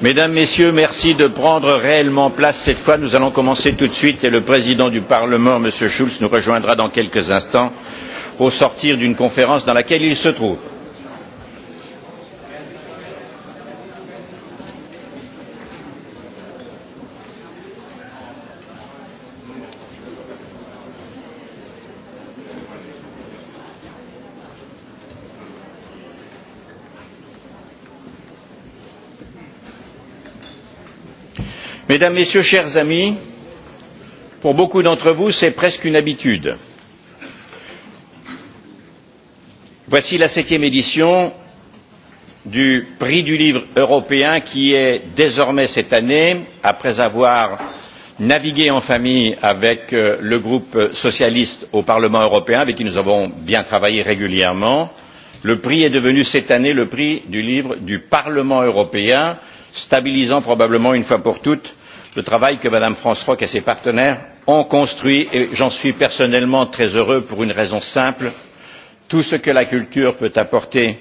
mesdames et messieurs merci de prendre réellement place cette fois nous allons commencer tout de suite et le président du parlement m. schulz nous rejoindra dans quelques instants au sortir d'une conférence dans laquelle il se trouve. mesdames messieurs chers amis pour beaucoup d'entre vous c'est presque une habitude. voici la septième édition du prix du livre européen qui est désormais cette année après avoir navigué en famille avec le groupe socialiste au parlement européen avec qui nous avons bien travaillé régulièrement le prix est devenu cette année le prix du livre du parlement européen stabilisant probablement une fois pour toutes le travail que mme france Rock et ses partenaires ont construit et j'en suis personnellement très heureux pour une raison simple tout ce que la culture peut apporter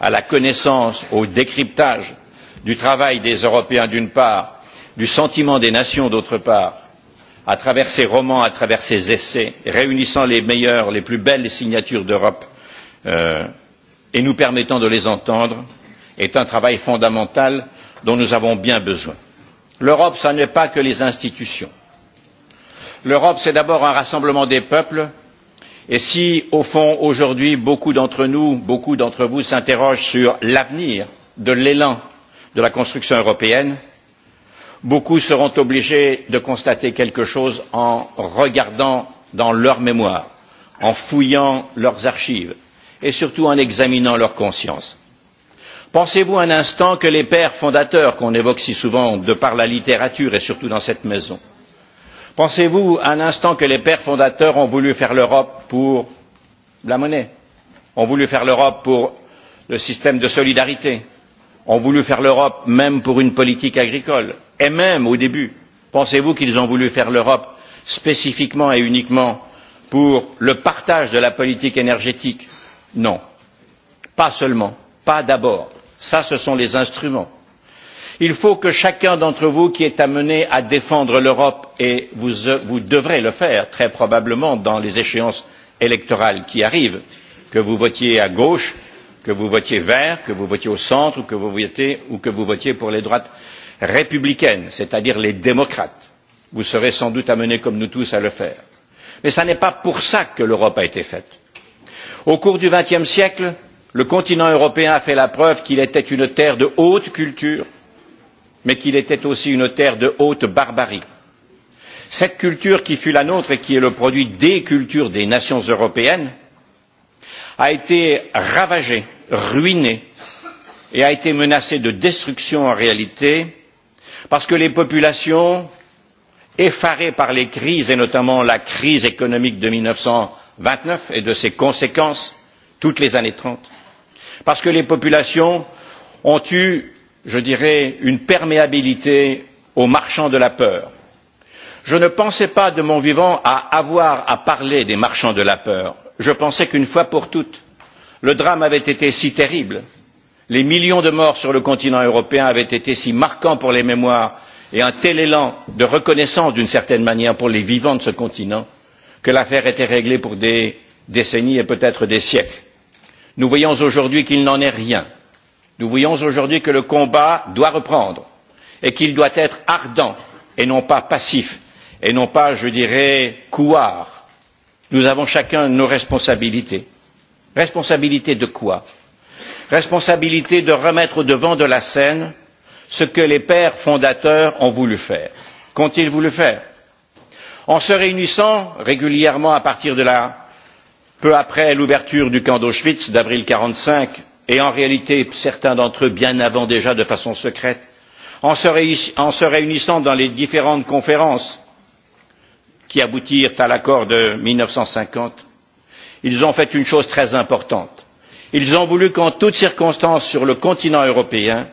à la connaissance au décryptage du travail des européens d'une part du sentiment des nations d'autre part à travers ses romans à travers ses essais réunissant les meilleures les plus belles signatures d'europe et nous permettant de les entendre est un travail fondamental dont nous avons bien besoin l'europe ce n'est pas que les institutions l'europe c'est d'abord un rassemblement des peuples et si au fond aujourd'hui beaucoup d'entre nous beaucoup d'entre vous s'interrogent sur l'avenir de l'élan de la construction européenne beaucoup seront obligés de constater quelque chose en regardant dans leur mémoire en fouillant leurs archives et surtout en examinant leur conscience pensez vous un instant que les pères fondateurs qu'on évoque si souvent de par la littérature et surtout dans cette maison pensez vous un instant que les pères fondateurs ont voulu faire l'europe pour la monnaie ont voulu faire l'europe pour le système de solidarité ont voulu faire l'europe même pour une politique agricole et même au début pensez vous qu'ils ont voulu faire l'europe spécifiquement et uniquement pour le partage de la politique énergétique? non pas seulement pas d'abord ça ce sont les instruments. il faut que chacun d'entre vous qui est amené à défendre l'europe et vous devrez le faire très probablement dans les échéances électorales qui arrivent que vous votiez à gauche que vous votiez vert que vous votiez au centre ou que vous votiez pour les droites républicaines c'est à dire les démocrates vous serez sans doute amenés comme nous tous à le faire. mais ce n'est pas pour cela que l'europe a été faite. au cours du vingtième siècle le continent européen a fait la preuve qu'il était une terre de haute culture mais qu'il était aussi une terre de haute barbarie. cette culture qui fut la nôtre et qui est le produit des cultures des nations européennes a été ravagée ruinée et a été menacée de destruction en réalité parce que les populations effarées par les crises et notamment la crise économique de mille neuf cent vingt neuf et de ses conséquences toutes les années trente parce que les populations ont eu je dirais une perméabilité aux marchands de la peur. je ne pensais pas de mon vivant à avoir à parler des marchands de la peur je pensais qu'une fois pour toutes le drame avait été si terrible les millions de morts sur le continent européen avaient été si marquants pour les mémoires et un tel élan de reconnaissance d'une certaine manière pour les vivants de ce continent que l'affaire était réglée pour des décennies et peut être des siècles nous voyons aujourd'hui qu'il n'en est rien nous voyons aujourd'hui que le combat doit reprendre et qu'il doit être ardent et non pas passif et non pas je dirais couard. nous avons chacun nos responsabilités. Responsabilité de quoi? responsabilité de remettre au devant de la scène ce que les pères fondateurs ont voulu faire. qu'ont ils voulu faire? en se réunissant régulièrement à partir de la peu après l'ouverture du camp d'auschwitz d'avril mille neuf cent quarante cinq et en réalité certains d'entre eux bien avant déjà de façon secrète en se réunissant dans les différentes conférences qui aboutirent à l'accord de mille neuf cent cinquante ils ont fait une chose très importante ils ont voulu qu'en toutes circonstances sur le continent européen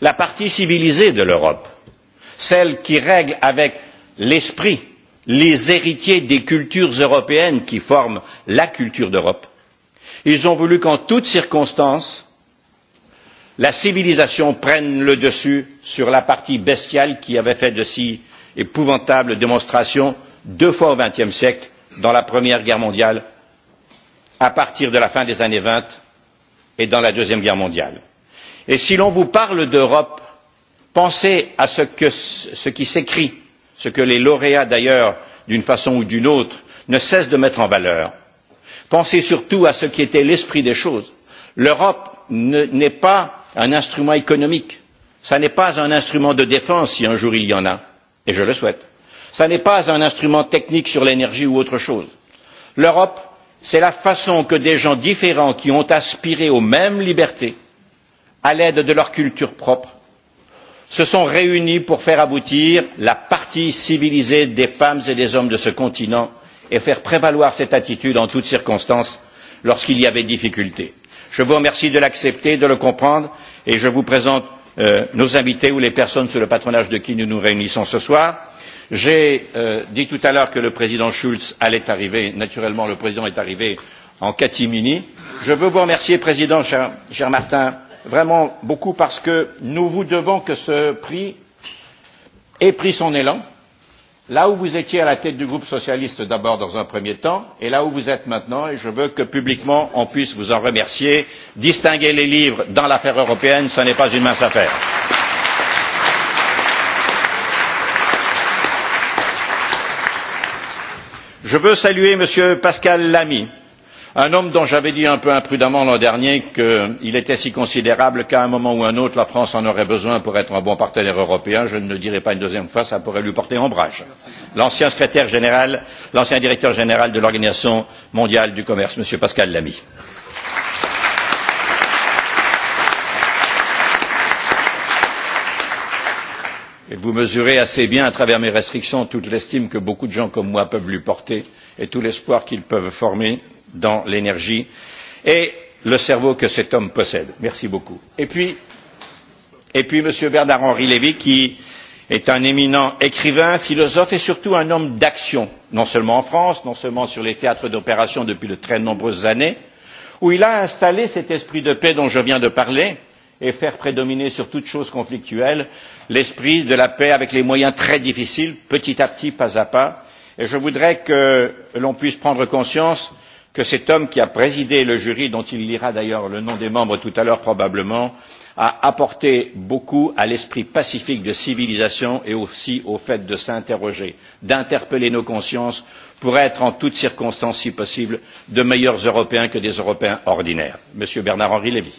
la partie civilisée de l'europe celle qui règle avec l'esprit les héritiers des cultures européennes qui forment la culture d'europe ils ont voulu qu'en toutes circonstances la civilisation prenne le dessus sur la partie bestiale qui avait fait de si épouvantables démonstrations deux fois au XXe siècle dans la première guerre mondiale à partir de la fin des années vingt et dans la deuxième guerre mondiale. et si l'on vous parle d'europe pensez à ce qui s'écrit ce que les lauréats d'ailleurs d'une façon ou d'une autre ne cessent de mettre en valeur. pensez surtout à ce qui était l'esprit des choses l'europe n'est pas un instrument économique ce n'est pas un instrument de défense si un jour il y en a et je le souhaite ce n'est pas un instrument technique sur l'énergie ou autre chose. l'europe c'est la façon que des gens différents qui ont aspiré aux mêmes libertés à l'aide de leur culture propre se sont réunis pour faire aboutir la partie civilisée des femmes et des hommes de ce continent et faire prévaloir cette attitude en toutes circonstances lorsqu'il y avait difficulté. je vous remercie de l'accepter de le comprendre et je vous présente nos invités ou les personnes sous le patronage de qui nous nous réunissons ce soir. J'ai dit tout à l'heure que le président Schulz allait arriver. Naturellement, le président est arrivé en catimini. Je veux vous remercier, président, cher, Martin, vraiment beaucoup parce que nous vous devons que ce prix ait pris son élan là où vous étiez à la tête du groupe socialiste d'abord dans un premier temps et là où vous êtes maintenant et je veux que publiquement on puisse vous en remercier. distinguer les livres dans l'affaire européenne ce n'est pas une mince affaire. je veux saluer m. pascal lamy un homme dont j'avais dit un peu imprudemment l'an dernier qu'il était si considérable qu'à un moment ou à un autre la france en aurait besoin pour être un bon partenaire européen je ne le dirai pas une deuxième fois cela pourrait lui porter ombrage l'ancien secrétaire général l'ancien directeur général de l'organisation mondiale du commerce m. pascal lamy. vous mesurez assez bien à travers mes restrictions toute l'estime que beaucoup de gens comme moi peuvent lui porter et tout l'espoir qu'ils peuvent former dans l'énergie et le cerveau que cet homme possède. Merci beaucoup. Et puis, et puis M. Bernard Henri Lévy, qui est un éminent écrivain, philosophe et surtout un homme d'action, non seulement en France, non seulement sur les théâtres d'opération depuis de très nombreuses années, où il a installé cet esprit de paix dont je viens de parler et faire prédominer sur toute chose conflictuelle l'esprit de la paix avec les moyens très difficiles, petit à petit, pas à pas. Et je voudrais que l'on puisse prendre conscience que cet homme qui a présidé le jury dont il lira d'ailleurs le nom des membres tout à l'heure probablement a apporté beaucoup à l'esprit pacifique de civilisation et aussi au fait de s'interroger d'interpeller nos consciences pour être en toutes circonstances si possible de meilleurs européens que des européens ordinaires. monsieur bernard henri lévy.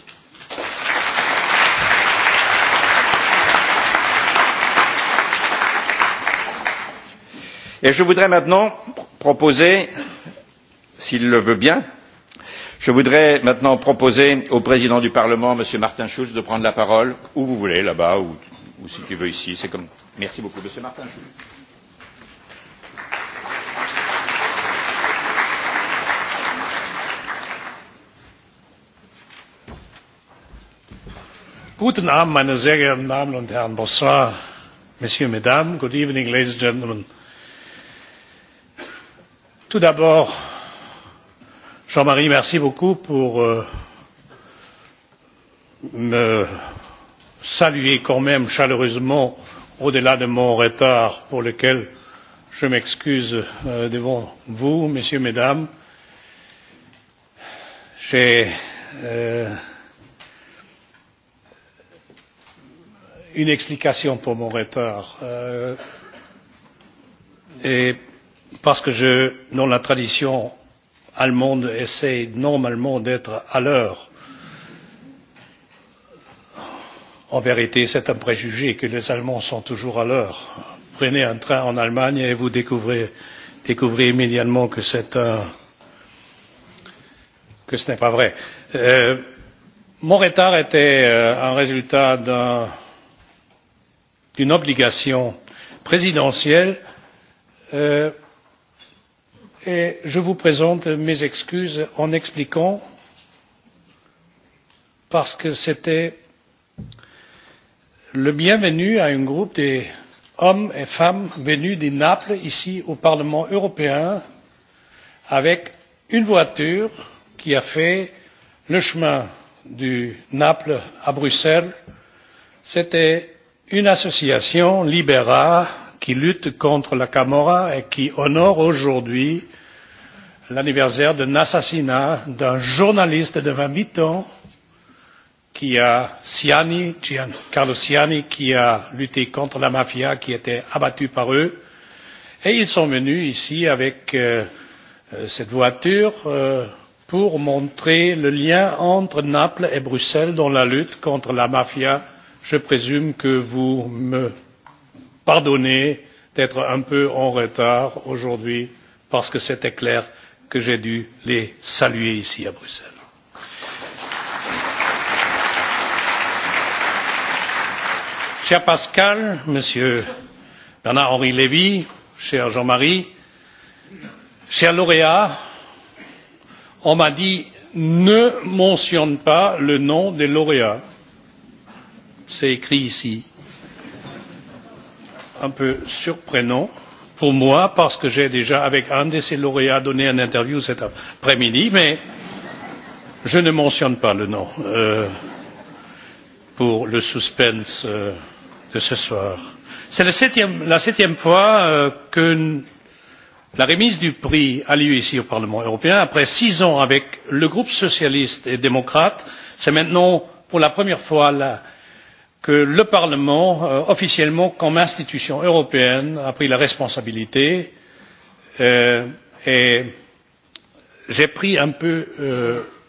je voudrais maintenant proposer s'il le veut bien. Je voudrais maintenant proposer au président du Parlement, M. Martin Schulz, de prendre la parole où vous voulez, là-bas, ou, si tu veux ici. C'est comme. Merci beaucoup, M. Martin Schulz. Guten Abend, meine sehr geehrten Damen und Herren Bonsoir, Messieurs, Mesdames. Good evening, ladies and gentlemen. Tout d'abord, jean marie merci beaucoup pour me saluer quand même chaleureusement au delà de mon retard pour lequel je m'excuse devant vous messieurs mesdames. j'ai une explication pour mon retard et parce que je dans la tradition allemande essaie normalement d'être à l'heure. En vérité, c'est un préjugé que les Allemands sont toujours à l'heure. Prenez un train en Allemagne et vous découvrez, découvrez immédiatement que c'est un que ce n'est pas vrai. Euh, mon retard était euh, un résultat d'une un, obligation présidentielle. Euh, et je vous présente mes excuses en expliquant parce que c'était le bienvenu à un groupe d'hommes et femmes venus de naples ici au parlement européen avec une voiture qui a fait le chemin de naples à bruxelles. c'était une association libera qui lutte contre la Camorra et qui honore aujourd'hui l'anniversaire d'un assassinat d'un journaliste de vingt huit ans qui a Siani, Carlo Siani, qui a lutté contre la mafia, qui était abattu par eux. Et ils sont venus ici avec cette voiture pour montrer le lien entre Naples et Bruxelles dans la lutte contre la mafia. Je présume que vous me pardonner d'être un peu en retard aujourd'hui parce que c'était clair que j'ai dû les saluer ici à bruxelles. cher pascal monsieur bernard henri lévy cher jean marie cher lauréat on m'a dit ne mentionne pas le nom des lauréats c'est écrit ici un peu surprenant pour moi parce que j'ai déjà avec un de ses lauréats donné une interview cet après midi mais je ne mentionne pas le nom pour le suspense de ce soir. c'est la septième fois que la remise du prix a lieu ici au parlement européen après six ans avec le groupe socialiste et démocrate. c'est maintenant pour la première fois la que le Parlement, officiellement comme institution européenne, a pris la responsabilité et j'ai pris un peu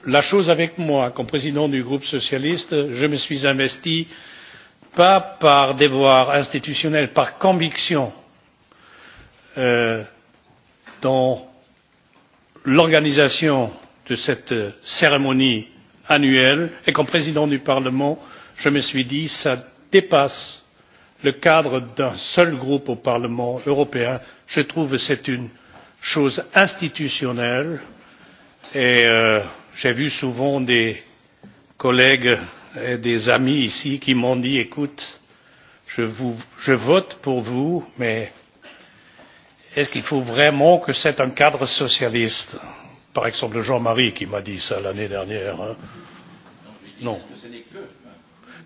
la chose avec moi comme président du groupe socialiste je me suis investi pas par devoir institutionnel par conviction dans l'organisation de cette cérémonie annuelle et comme président du parlement je me suis dit cela dépasse le cadre d'un seul groupe au parlement européen je trouve que c'est une chose institutionnelle et j'ai vu souvent des collègues et des amis ici qui m'ont dit écoute je vote pour vous mais est ce qu'il faut vraiment que c'est un cadre socialiste? par exemple jean marie qui m'a dit cela l'année dernière. non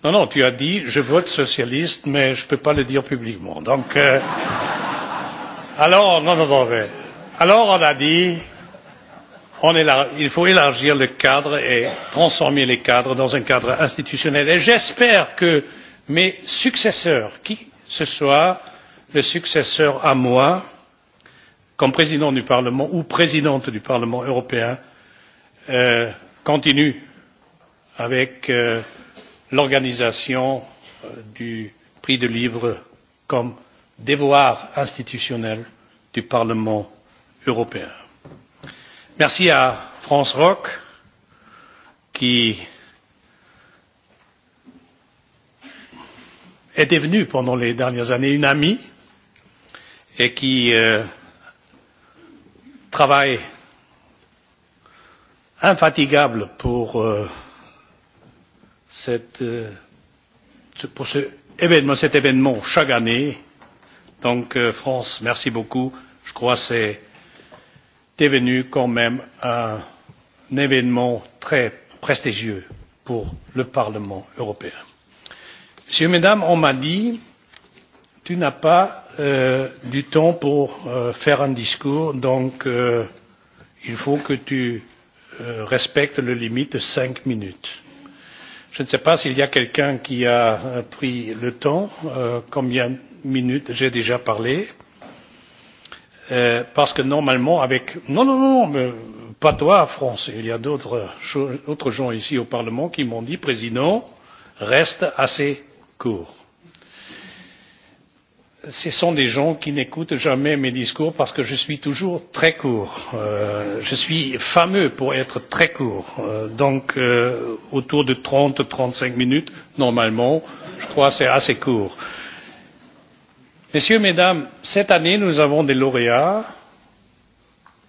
Non, non, tu as dit je vote socialiste, mais je ne peux pas le dire publiquement. Donc, euh, alors, non, non, non, mais, alors on a dit on il faut élargir le cadre et transformer les cadres dans un cadre institutionnel. Et j'espère que mes successeurs, qui ce soit le successeur à moi, comme président du Parlement ou présidente du Parlement européen, euh, continuent avec euh, l'organisation du prix du livre comme devoir institutionnel du Parlement européen. Merci à France Roch qui est devenue pendant les dernières années une amie et qui travaille infatigable pour cette, pour ce événement, cet événement chaque année. Donc, France, merci beaucoup. Je crois que c'est devenu quand même un événement très prestigieux pour le Parlement européen. Monsieur, Mesdames, on m'a dit tu n'as pas euh, du temps pour euh, faire un discours, donc euh, il faut que tu euh, respectes le limite de cinq minutes je ne sais pas s'il y a quelqu'un qui a pris le temps combien de minutes j'ai déjà parlé parce que normalement avec non non non mais pas toi France il y a d'autres gens ici au Parlement qui m'ont dit président reste assez court ce sont des gens qui n'écoutent jamais mes discours parce que je suis toujours très court. je suis fameux pour être très court. donc autour de trente trente cinq minutes normalement je crois que c'est assez court. messieurs mesdames cette année nous avons des lauréats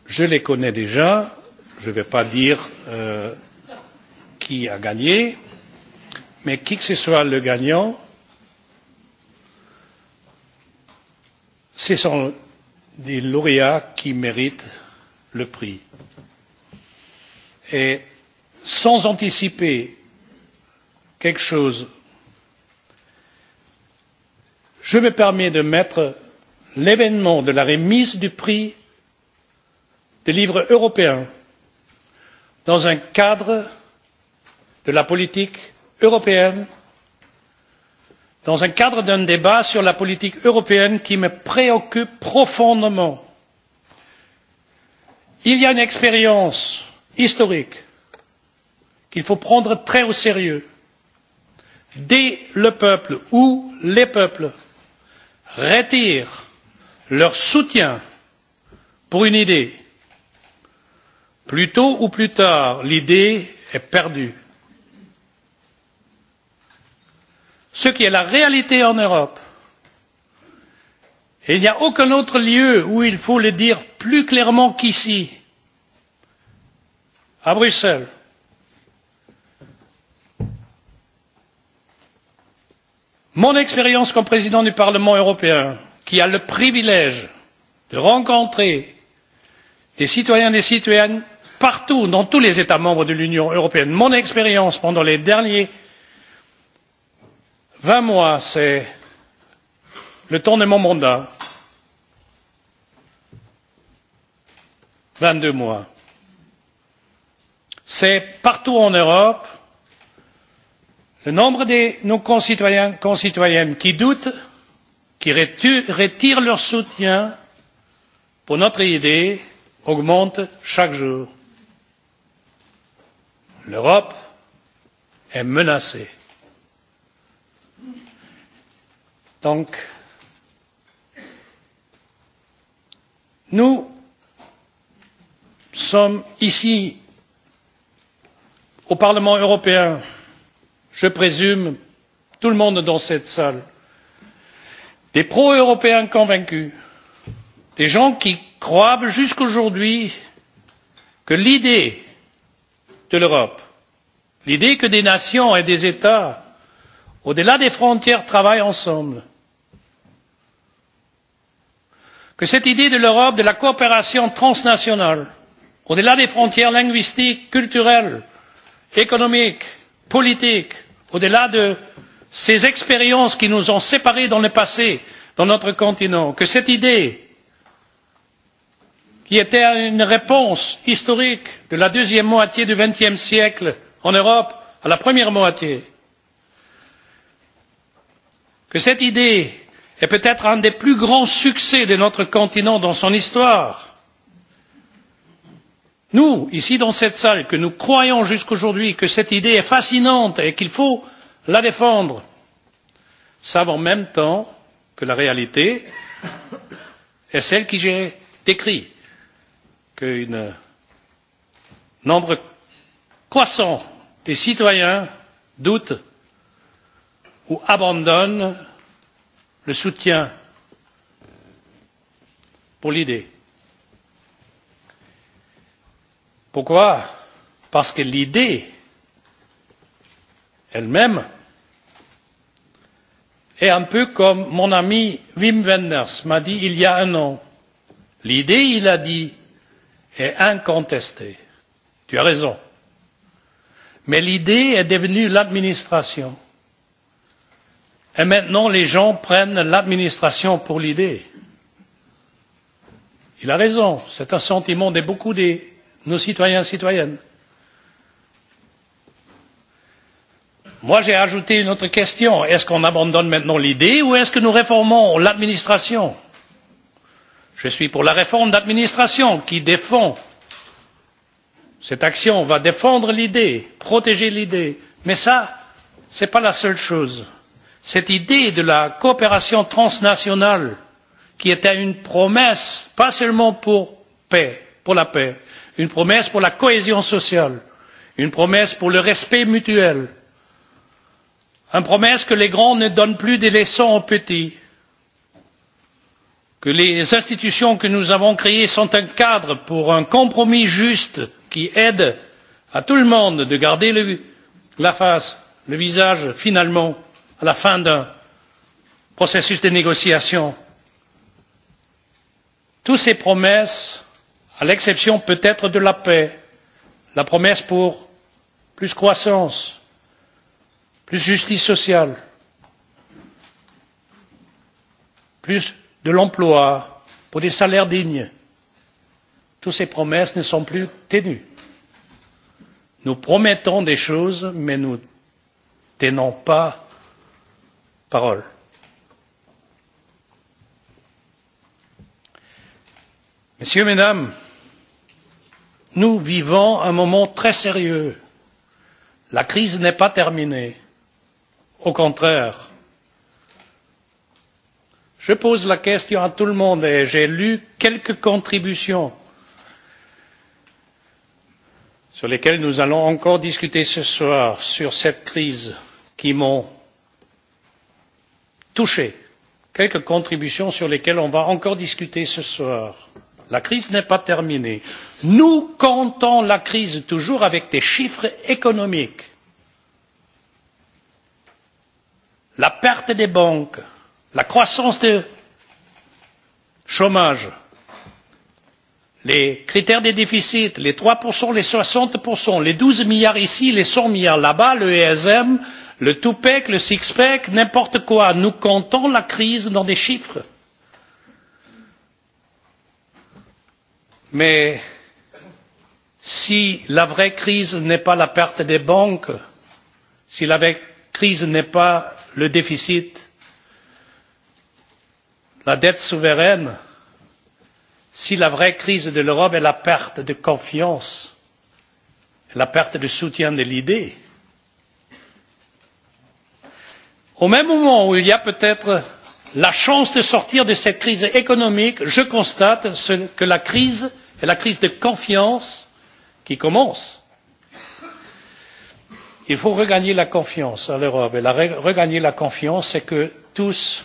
je les connais déjà je ne vais pas dire qui a gagné mais qui que ce soit le gagnant ce sont des lauréats qui méritent le prix. Et sans anticiper quelque chose, je me permets de mettre l'événement de la remise du prix des livres européens dans un cadre de la politique européenne dans un cadre d'un débat sur la politique européenne qui me préoccupe profondément. il y a une expérience historique qu'il faut prendre très au sérieux dès le peuple ou les peuples retirent leur soutien pour une idée plus tôt ou plus tard l'idée est perdue. ce qui est la réalité en europe et il n'y a aucun autre lieu où il faut le dire plus clairement qu'ici à bruxelles mon expérience comme président du parlement européen qui a le privilège de rencontrer des citoyens et des citoyennes partout dans tous les états membres de l'union européenne mon expérience pendant les derniers vingt mois c'est le temps de mon mandat vingt deux mois c'est partout en europe le nombre de nos concitoyens et concitoyennes qui doutent qui retirent leur soutien pour notre idée augmente chaque jour. l'europe est menacée. donc nous sommes ici au parlement européen je présume tout le monde dans cette salle des pro européens convaincus des gens qui croient jusqu'aujourd'hui que l'idée de l'europe l'idée que des nations et des états au delà des frontières travaillent ensemble que cette idée de l'europe de la coopération transnationale au delà des frontières linguistiques culturelles économiques politiques au delà de ces expériences qui nous ont séparés dans le passé dans notre continent que cette idée qui était une réponse historique de la deuxième moitié du vingtième siècle en europe à la première moitié que cette idée est peut être un des plus grands succès de notre continent dans son histoire. nous ici dans cette salle qui croyons jusqu'aujourd'hui que cette idée est fascinante et qu'il faut la défendre savons en même temps que la réalité est celle que j'ai décrite qu'un nombre croissant des citoyens doutent ou abandonnent le soutien pour l'idée. pourquoi? parce que l'idée elle même est un peu comme mon ami wim wenders m'a dit il y a un an l'idée il a dit est incontestée tu as raison mais l'idée est devenue l'administration. Et maintenant, les gens prennent l'administration pour l'idée. Il a raison, c'est un sentiment de beaucoup de nos citoyens et citoyennes. Moi, j'ai ajouté une autre question. Est-ce qu'on abandonne maintenant l'idée ou est-ce que nous réformons l'administration Je suis pour la réforme d'administration qui défend. Cette action va défendre l'idée, protéger l'idée. Mais ça, ce n'est pas la seule chose cette idée de la coopération transnationale qui était une promesse pas seulement pour la paix une promesse pour la cohésion sociale une promesse pour le respect mutuel une promesse que les grands ne donnent plus des leçons aux petits que les institutions que nous avons créées sont un cadre pour un compromis juste qui aide à tout le monde à garder la face le visage finalement à la fin d'un processus de négociation. toutes ces promesses à l'exception peut être de la paix la promesse pour plus de croissance plus de justice sociale plus de l'emploi, pour des salaires dignes toutes ces promesses ne sont plus tenues. nous promettons des choses mais nous ne tenons pas parole. messieurs mesdames nous vivons un moment très sérieux. la crise n'est pas terminée au contraire. je pose la question à tout le monde et j'ai lu quelques contributions sur lesquelles nous allons encore discuter ce soir sur cette crise qui m'ont toucher quelques contributions sur lesquelles on va encore discuter ce soir. la crise n'est pas terminée. nous comptons la crise toujours avec des chiffres économiques la perte des banques la croissance du chômage les critères des déficits les trois les soixante les douze milliards ici les cent milliards là bas le le two pack le six pack n'importe quoi nous comptons la crise dans des chiffres mais si la vraie crise n'est pas la perte des banques si la vraie crise n'est pas le déficit la dette souveraine si la vraie crise de l'europe est la perte de confiance la perte de soutien de l'idée au même moment où il y a peut être la chance de sortir de cette crise économique je constate que la crise est la crise de confiance qui commence. il faut regagner la confiance à l'europe et regagner la confiance c'est que tous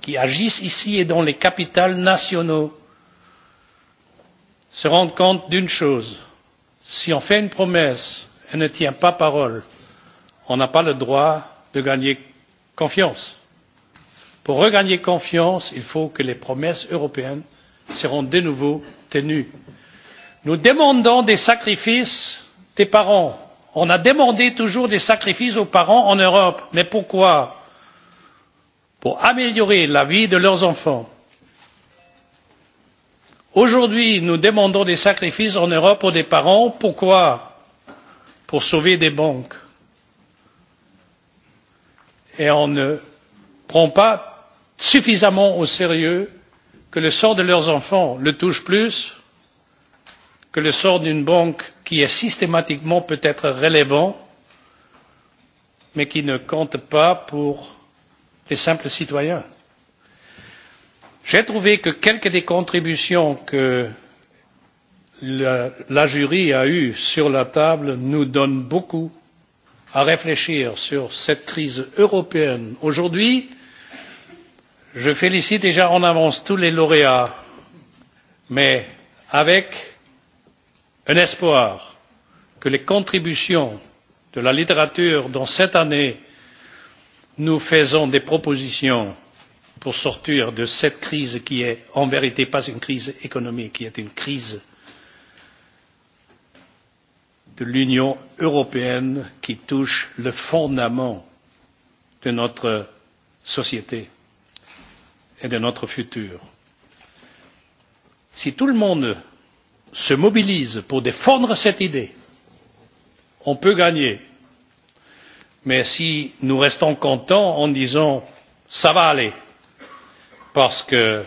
qui agissent ici et dans les capitales nationaux se rendent compte d'une chose si on fait une promesse et ne tient pas parole on n'a pas le droit de gagner confiance. pour regagner confiance il faut que les promesses européennes soient de nouveau tenues. nous demandons des sacrifices des parents. on a demandé toujours des sacrifices aux parents en europe mais pourquoi? pour améliorer la vie de leurs enfants. aujourd'hui nous demandons des sacrifices en europe aux parents pourquoi? pour sauver des banques et on ne prend pas suffisamment au sérieux que le sort de leurs enfants les touche plus que le sort d'une banque qui est systématiquement peut être relevant mais qui ne compte pas pour les simples citoyens. j'ai trouvé que quelques des contributions que la jury a eues sur la table nous donnent beaucoup à réfléchir sur cette crise européenne aujourd'hui je félicite déjà en avance tous les lauréats mais avec un espoir que les contributions de la littérature dans cette année nous faisons des propositions pour sortir de cette crise qui n'est en vérité pas une crise économique qui est une crise de l'Union européenne qui touche le fondement de notre société et de notre futur. Si tout le monde se mobilise pour défendre cette idée, on peut gagner. Mais si nous restons contents en disant ça va aller, parce que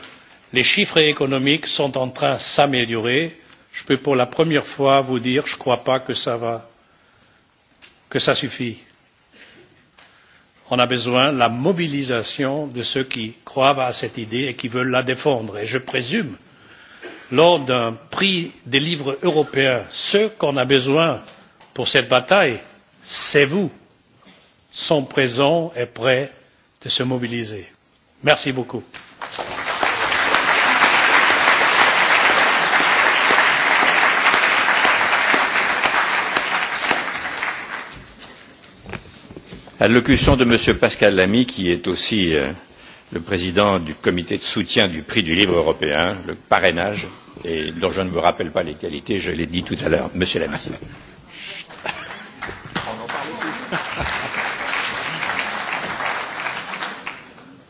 les chiffres économiques sont en train de s'améliorer, je peux pour la première fois vous dire je ne crois pas que ça va que ça suffit. On a besoin de la mobilisation de ceux qui croient à cette idée et qui veulent la défendre. Et je présume, lors d'un prix des livres européens, ce qu'on a besoin pour cette bataille, c'est vous, sont présents et prêts de se mobiliser. Merci beaucoup. l'allocution de m. pascal lamy qui est aussi le président du comité de soutien du prix du livre européen le parrainage et dont je ne me rappelle pas les qualités je l'ai dit tout à l'heure monsieur lamy.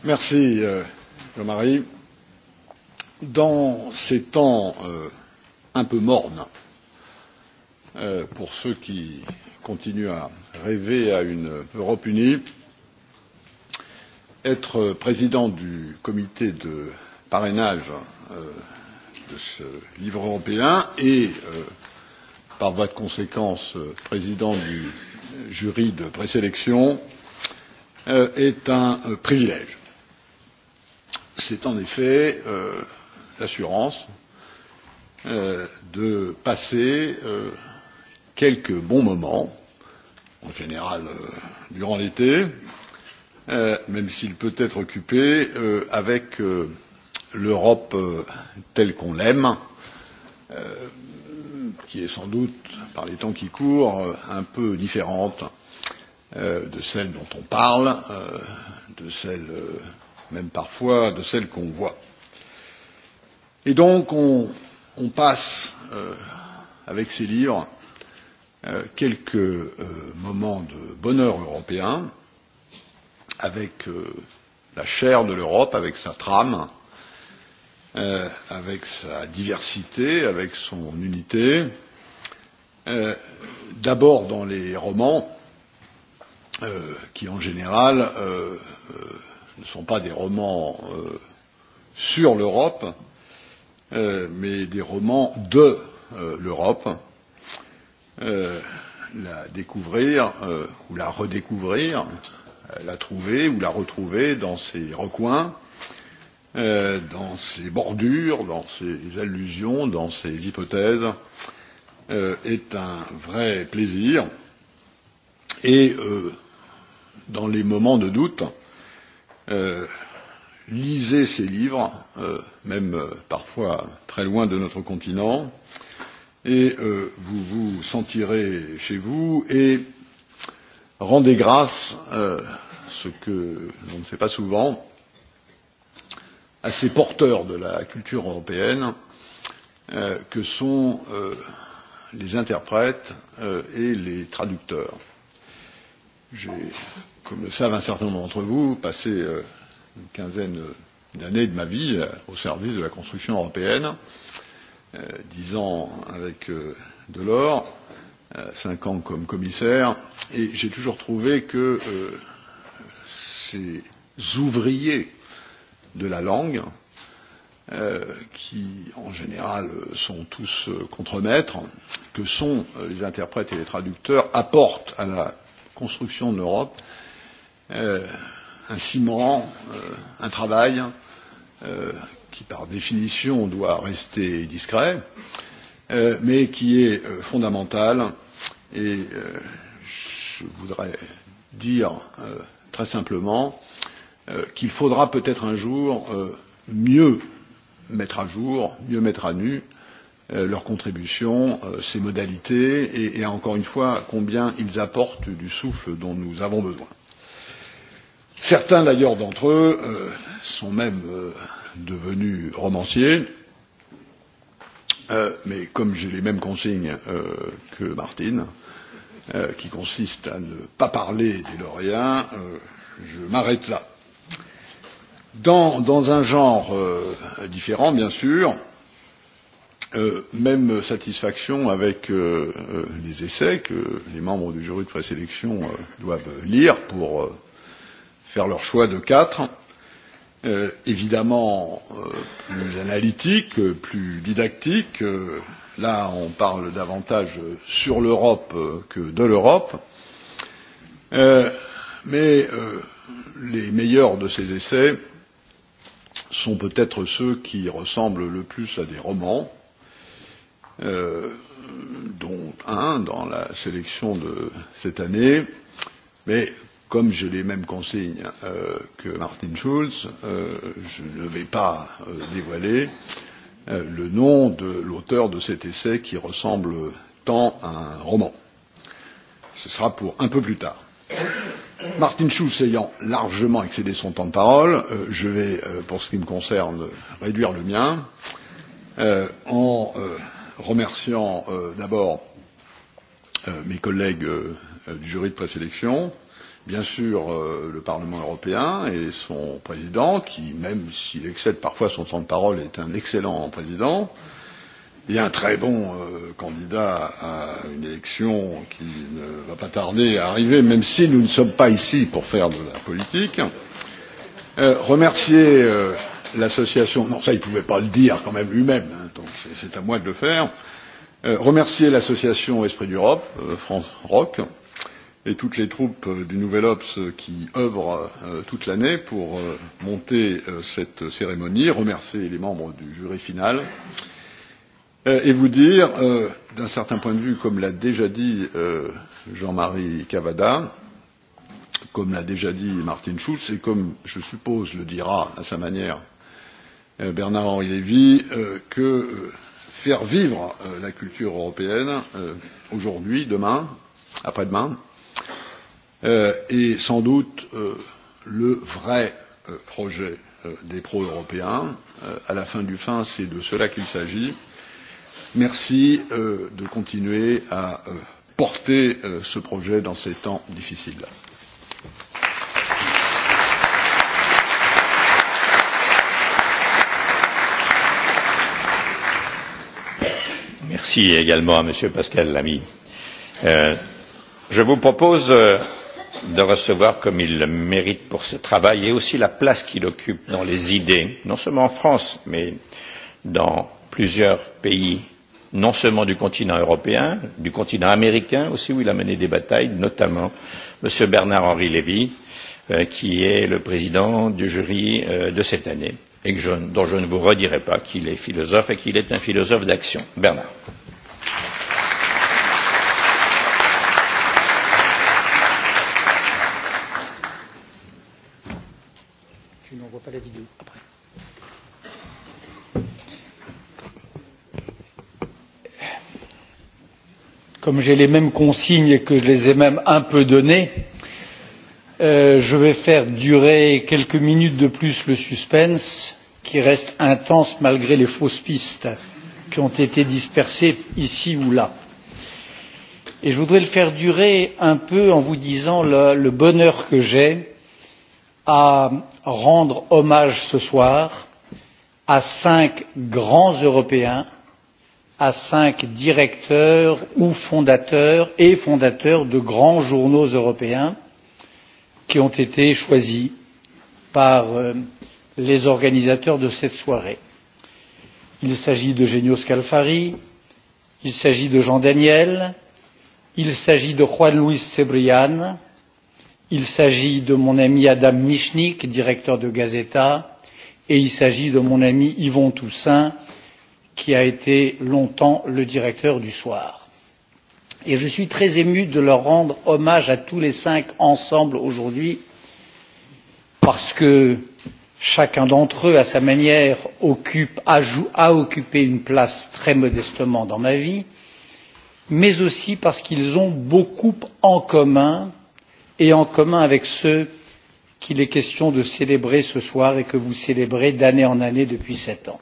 Merci Jean-Marie. Dans ces temps un peu mornes, pour ceux qui continue à rêver à une Europe unie. Être président du comité de parrainage de ce livre européen et, par voie de conséquence, président du jury de présélection est un privilège. C'est en effet l'assurance de passer quelques bons moments en général durant l'été, même s'il peut être occupé avec l'Europe telle qu'on l'aime, qui est sans doute, par les temps qui courent, un peu différente de celle dont on parle, de celle même parfois de celle qu'on voit. Et donc on, on passe euh, avec ces livres quelques moments de bonheur européen avec la chair de l'Europe, avec sa trame, avec sa diversité, avec son unité, d'abord dans les romans, qui en général ne sont pas des romans sur l'Europe, mais des romans de l'Europe, la découvrir ou la redécouvrir, la trouver ou la retrouver dans ses recoins, dans ses bordures, dans ses allusions, dans ses hypothèses, est un vrai plaisir et dans les moments de doute, lisez ces livres, même parfois très loin de notre continent, euh, et euh, vous vous sentirez chez vous et rendez grâce, euh, ce que l'on ne fait pas souvent, à ces porteurs de la culture européenne euh, que sont euh, les interprètes euh, et les traducteurs. J'ai, comme le savent un certain nombre d'entre vous, passé euh, une quinzaine d'années de ma vie euh, au service de la construction européenne dix ans avec Delors, cinq ans comme commissaire, et j'ai toujours trouvé que ces ouvriers de la langue, qui en général sont tous contremaîtres, que sont les interprètes et les traducteurs, apportent à la construction de l'Europe un ciment, un travail qui par définition doit rester discret, mais qui est fondamental et je voudrais dire très simplement qu'il faudra peut-être un jour mieux mettre à jour, mieux mettre à nu leurs contributions, ces modalités et, encore une fois combien ils apportent du souffle dont nous avons besoin. Certains d'ailleurs d'entre eux sont même devenu romancier mais comme j'ai les mêmes consignes que Martine, qui consiste à ne pas parler des lauréats, je m'arrête là. Dans, dans un genre différent, bien sûr, même satisfaction avec les essais que les membres du jury de présélection doivent lire pour faire leur choix de quatre évidemment plus analytique, plus didactique. là, on parle davantage sur l'Europe que de l'Europe. Euh, mais euh, les meilleurs de ces essais sont peut-être ceux qui ressemblent le plus à des romans, euh, dont un dans la sélection de cette année, mais comme j'ai les mêmes consignes euh, que Martin Schulz, euh, je ne vais pas euh, dévoiler euh, le nom de l'auteur de cet essai qui ressemble tant à un roman. Ce sera pour un peu plus tard. Martin Schulz ayant largement excédé son temps de parole, euh, je vais, euh, pour ce qui me concerne, réduire le mien euh, en euh, remerciant euh, d'abord euh, mes collègues euh, du jury de présélection, euh, bien sûr le Parlement européen et son président, qui, même s'il excède parfois son temps de parole, est un excellent président et un très bon candidat à une élection qui ne va pas tarder à arriver, même si nous ne sommes pas ici pour faire de la politique. remercier l'association non ça il ne pouvait pas le dire quand même lui même hein, donc c'est à moi de le faire remercier l'association Esprit d'Europe, France Rock, et toutes les troupes du Nouvel Ops qui œuvrent toute l'année pour monter cette cérémonie, remercier les membres du jury final et vous dire, d'un certain point de vue, comme l'a déjà dit Jean-Marie Cavada, comme l'a déjà dit Martin Schulz et comme je suppose le dira à sa manière Bernard-Henri Lévy, que faire vivre la culture européenne aujourd'hui, demain, après-demain, et sans doute le vrai projet des pro-européens. à la fin du fin, c'est de cela qu'il s'agit. Merci de continuer à porter ce projet dans ces temps difficiles. Merci également à M. Pascal Lamy. je vous propose de recevoir comme il le mérite pour ce travail et aussi la place qu'il occupe dans les idées, non seulement en France, mais dans plusieurs pays, non seulement du continent européen, du continent américain aussi, où il a mené des batailles, notamment M. Bernard-Henri Lévy, qui est le président du jury de cette année, et dont je ne vous redirai pas qu'il est philosophe et qu'il est un philosophe d'action. Bernard. pas la vidéo. Après. Comme j'ai les mêmes consignes et que je les ai même un peu données, je vais faire durer quelques minutes de plus le suspense qui reste intense malgré les fausses pistes qui ont été dispersées ici ou là. Et je voudrais le faire durer un peu en vous disant le, bonheur que j'ai à rendre hommage ce soir à cinq grands européens à cinq directeurs ou fondateurs et fondateurs de grands journaux européens qui ont été choisis par les organisateurs de cette soirée. Il s'agit de Genio Scalfari, il s'agit de Jean Daniel, il s'agit de Juan Luis Cebrian, Il s'agit de mon ami Adam Michnik, directeur de Gazeta, et il s'agit de mon ami Yvon Toussaint, qui a été longtemps le directeur du soir. Et je suis très ému de leur rendre hommage à tous les cinq ensemble aujourd'hui, parce que chacun d'entre eux, à sa manière, occupe, a, a occupé une place très modestement dans ma vie, mais aussi parce qu'ils ont beaucoup en commun et en commun avec ceux qu'il est question de célébrer ce soir et que vous célébrez d'année en année depuis sept ans.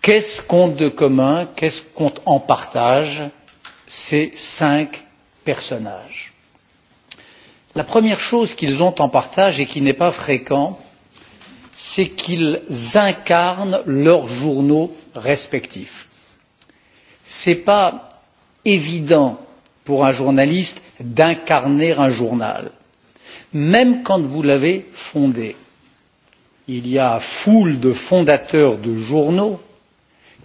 Qu'est ce compte de commun, qu'est ce compte en partage ces cinq personnages La première chose qu'ils ont en partage et qui n'est pas fréquente, c'est qu'ils incarnent leurs journaux respectifs. Ce n'est pas évident pour un journaliste d'incarner un journal. Même quand vous l'avez fondé, il y a foule de fondateurs de journaux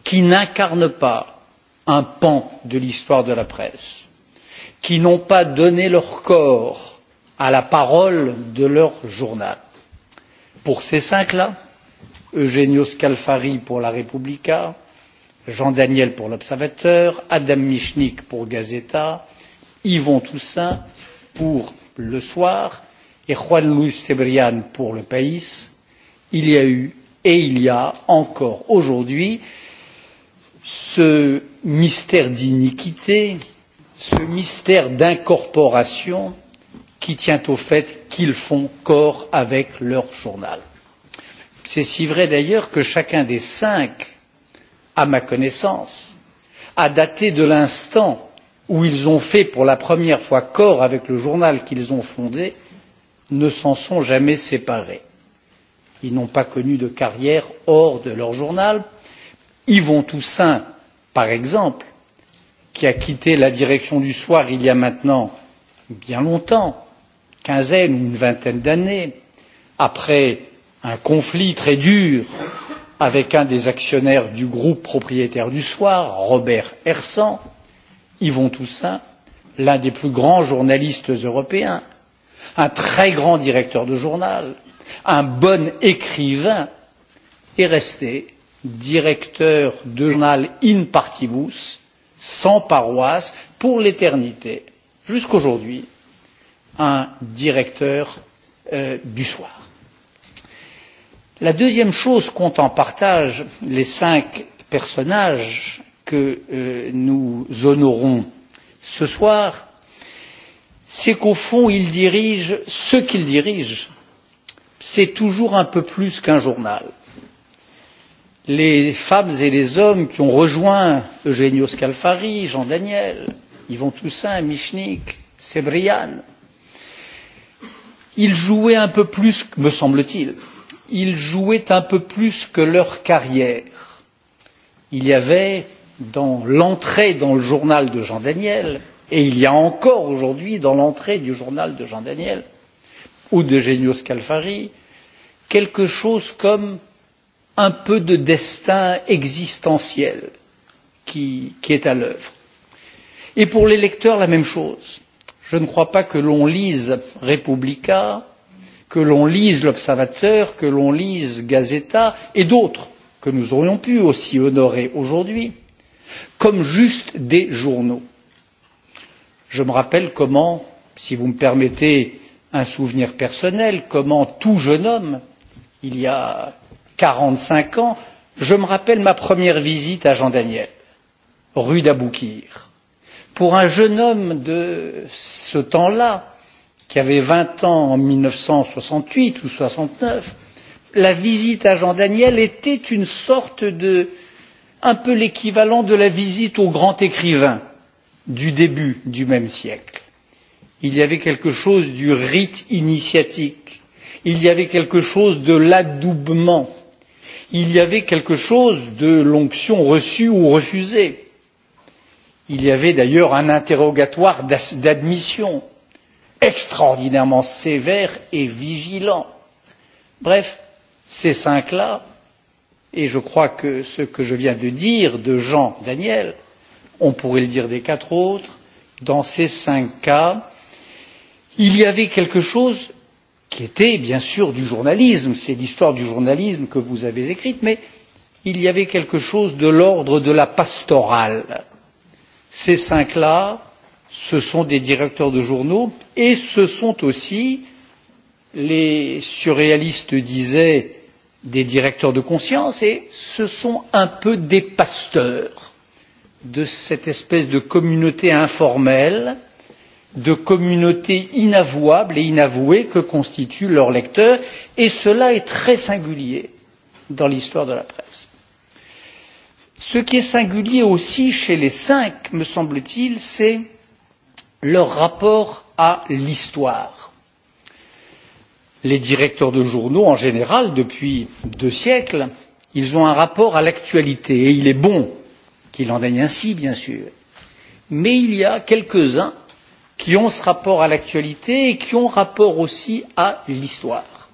qui n'incarnent pas un pan de l'histoire de la presse, qui n'ont pas donné leur corps à la parole de leur journal. Pour ces cinq-là, Eugenio Scalfari pour La Repubblica, Jean Daniel pour L'Observateur, Adam Michnik pour Gazeta, Yvon Toussaint pour le soir et Juan Luis Cebrián pour le país, il y a eu et il y a encore aujourd'hui ce mystère d'iniquité, ce mystère d'incorporation qui tient au fait qu'ils font corps avec leur journal. C'est si vrai d'ailleurs que chacun des cinq, à ma connaissance, a daté de l'instant où ils ont fait pour la première fois corps avec le journal qu'ils ont fondé ne s'en sont jamais séparés. Ils n'ont pas connu de carrière hors de leur journal. Yvon Toussaint, par exemple, qui a quitté la direction du soir il y a maintenant bien longtemps, quinzaine ou une vingtaine d'années, après un conflit très dur avec un des actionnaires du groupe propriétaire du soir, Robert Hersant, Yvon Toussaint, l'un des plus grands journalistes européens, un très grand directeur de journal, un bon écrivain, est resté directeur de journal in partibus, sans paroisse, pour l'éternité, jusqu'aujourd'hui, un directeur euh, du soir. La deuxième chose qu'ont en partage les cinq personnages que nous honorons ce soir c'est qu'au fond il dirige ce qu'il dirige c'est toujours un peu plus qu'un journal. Les femmes et les hommes qui ont rejoint Eugenio Scalfari, Jean Daniel, Yvon Toussaint, Michnik, Sebrian, ils jouaient un peu plus, me semble-t-il, ils jouaient un peu plus que leur carrière. Il y avait dans l'entrée dans le journal de Jean Daniel, et il y a encore aujourd'hui dans l'entrée du journal de Jean Daniel ou de Genio Scalfari, quelque chose comme un peu de destin existentiel qui, qui est à l'œuvre. Et pour les lecteurs, la même chose. Je ne crois pas que l'on lise Republica, que l'on lise L'Observateur, que l'on lise Gazeta et d'autres que nous aurions pu aussi honorer aujourd'hui comme juste des journaux. Je me rappelle comment, si vous me permettez un souvenir personnel, comment tout jeune homme, il y a quarante cinq ans, je me rappelle ma première visite à Jean Daniel, rue d'Aboukir. Pour un jeune homme de ce temps-là, qui avait vingt ans en mille neuf cent soixante huit ou soixante neuf, la visite à Jean Daniel était une sorte de un peu l'équivalent de la visite au grand écrivain du début du même siècle. Il y avait quelque chose du rite initiatique, il y avait quelque chose de l'adoubement, il y avait quelque chose de l'onction reçue ou refusée. Il y avait d'ailleurs un interrogatoire d'admission extraordinairement sévère et vigilant. Bref, ces cinq là et je crois que ce que je viens de dire de Jean Daniel, on pourrait le dire des quatre autres, dans ces cinq cas, il y avait quelque chose qui était bien sûr du journalisme, c'est l'histoire du journalisme que vous avez écrite, mais il y avait quelque chose de l'ordre de la pastorale. Ces cinq-là, ce sont des directeurs de journaux et ce sont aussi, les surréalistes disaient, des directeurs de conscience et ce sont un peu des pasteurs de cette espèce de communauté informelle, de communauté inavouable et inavouée que constituent leurs lecteurs et cela est très singulier dans l'histoire de la presse. Ce qui est singulier aussi chez les cinq, me semble t il, c'est leur rapport à l'histoire les directeurs de journaux en général depuis deux siècles ont un rapport à l'actualité et il est bon qu'il en aille ainsi bien sûr mais il y a quelques uns qui ont ce rapport à l'actualité et qui ont rapport aussi à l'histoire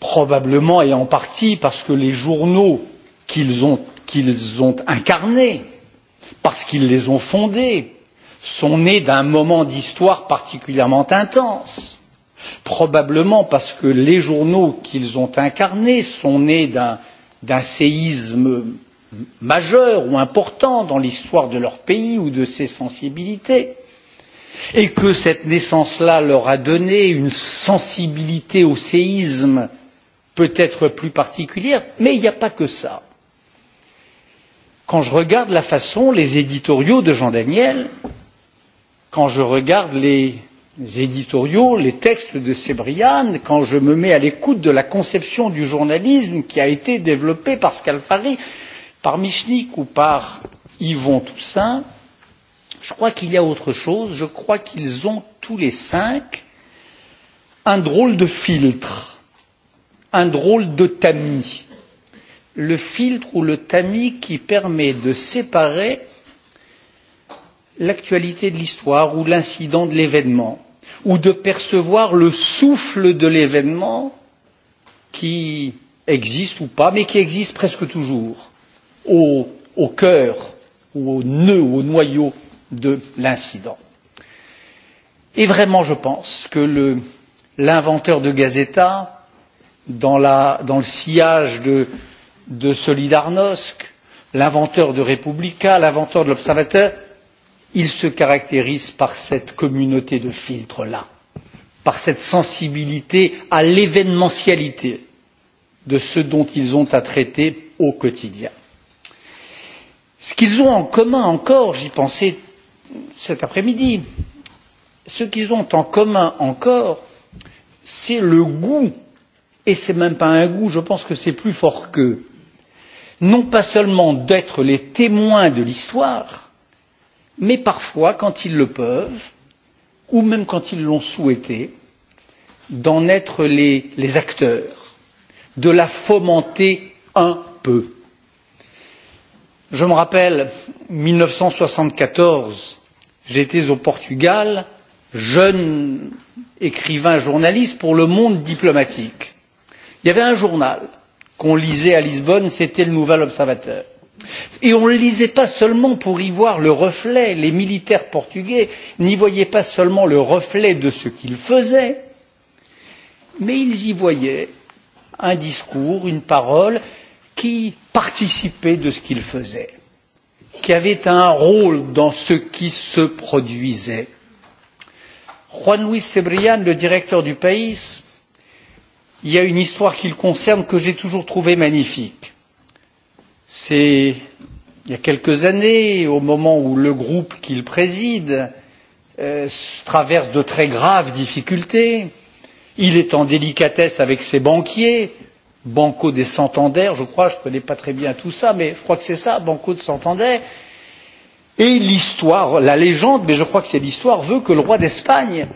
probablement et en partie parce que les journaux qu'ils ont, qu'ils ont incarnés parce qu'ils les ont fondés sont nés d'un moment d'histoire particulièrement intense probablement parce que les journaux qu'ils ont incarnés sont nés d'un séisme majeur ou important dans l'histoire de leur pays ou de ses sensibilités et que cette naissance là leur a donné une sensibilité au séisme peut être plus particulière mais il n'y a pas que ça. Quand je regarde la façon les éditoriaux de Jean Daniel, quand je regarde les éditoriaux les textes de Sébrian quand je me mets à l'écoute de la conception du journalisme qui a été développée par Scalfari, par Michnik ou par Yvon Toussaint, je crois qu'il y a autre chose, je crois qu'ils ont tous les cinq un drôle de filtre, un drôle de tamis. Le filtre ou le tamis qui permet de séparer l'actualité de l'histoire ou l'incident de l'événement ou de percevoir le souffle de l'événement qui existe ou pas, mais qui existe presque toujours au, au cœur ou au nœud ou au noyau de l'incident. Et vraiment, je pense que l'inventeur de Gazeta, dans, la, dans le sillage de, de Solidarnosc, l'inventeur de Republica, l'inventeur de l'Observateur, il se caractérise par cette communauté de filtres là par cette sensibilité à l'événementialité de ce dont ils ont à traiter au quotidien. Ce qu'ils ont en commun encore, j'y pensais cet après-midi, ce qu'ils ont en commun encore, c'est le goût, et ce n'est même pas un goût, je pense que c'est plus fort qu'eux, non pas seulement d'être les témoins de l'histoire, mais parfois quand ils le peuvent ou même quand ils l'ont souhaité d'en être les, les acteurs de la fomenter un peu. Je me rappelle mille neuf cent soixante quatorze j'étais au Portugal, jeune écrivain journaliste pour le monde diplomatique. Il y avait un journal qu'on lisait à Lisbonne, c'était le Nouvel Observateur et on ne le lisait pas seulement pour y voir le reflet les militaires portugais n'y voyaient pas seulement le reflet de ce qu'ils faisaient mais ils y voyaient un discours une parole qui participait de ce qu'ils faisaient qui avait un rôle dans ce qui se produisait. Juan Luis Cebrian, le directeur du pays, il y a une histoire qui le concerne que j'ai toujours trouvée magnifique c'est il y a quelques années, au moment où le groupe qu'il préside traverse de très graves difficultés, il est en délicatesse avec ses banquiers, Banco des Santander, je crois, je ne connais pas très bien tout ça, mais je crois que c'est ça, Banco de Santander. Et l'histoire, la légende, mais je crois que c'est l'histoire, veut que le roi d'Espagne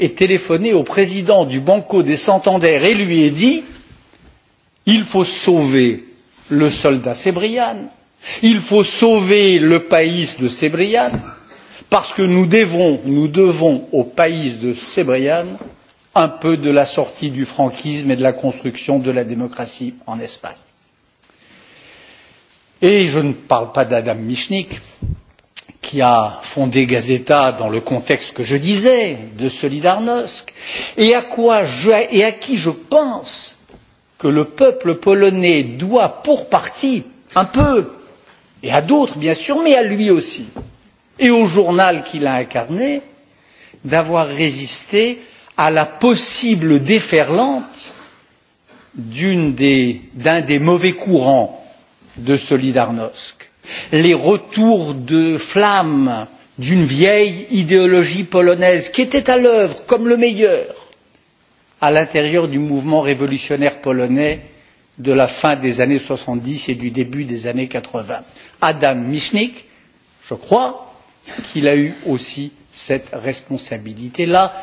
ait téléphoné au président du Banco des Santander et lui ait dit il faut sauver le soldat Sebrian, Il faut sauver le pays de Sebrian, parce que nous devons, nous devons au pays de Sebrian un peu de la sortie du franquisme et de la construction de la démocratie en Espagne. Et je ne parle pas d'Adam Michnik, qui a fondé Gazeta dans le contexte que je disais de Solidarnosc, et à quoi je, et à qui je pense que le peuple polonais doit pour partie un peu et à d'autres bien sûr mais à lui aussi et au journal qu'il a incarné d'avoir résisté à la possible déferlante d'un des mauvais courants de Solidarnosc, les retours de flammes d'une vieille idéologie polonaise qui était à l'œuvre comme le meilleur à l'intérieur du mouvement révolutionnaire polonais de la fin des années soixante dix et du début des années quatre vingts adam michnik je crois qu'il a eu aussi cette responsabilité là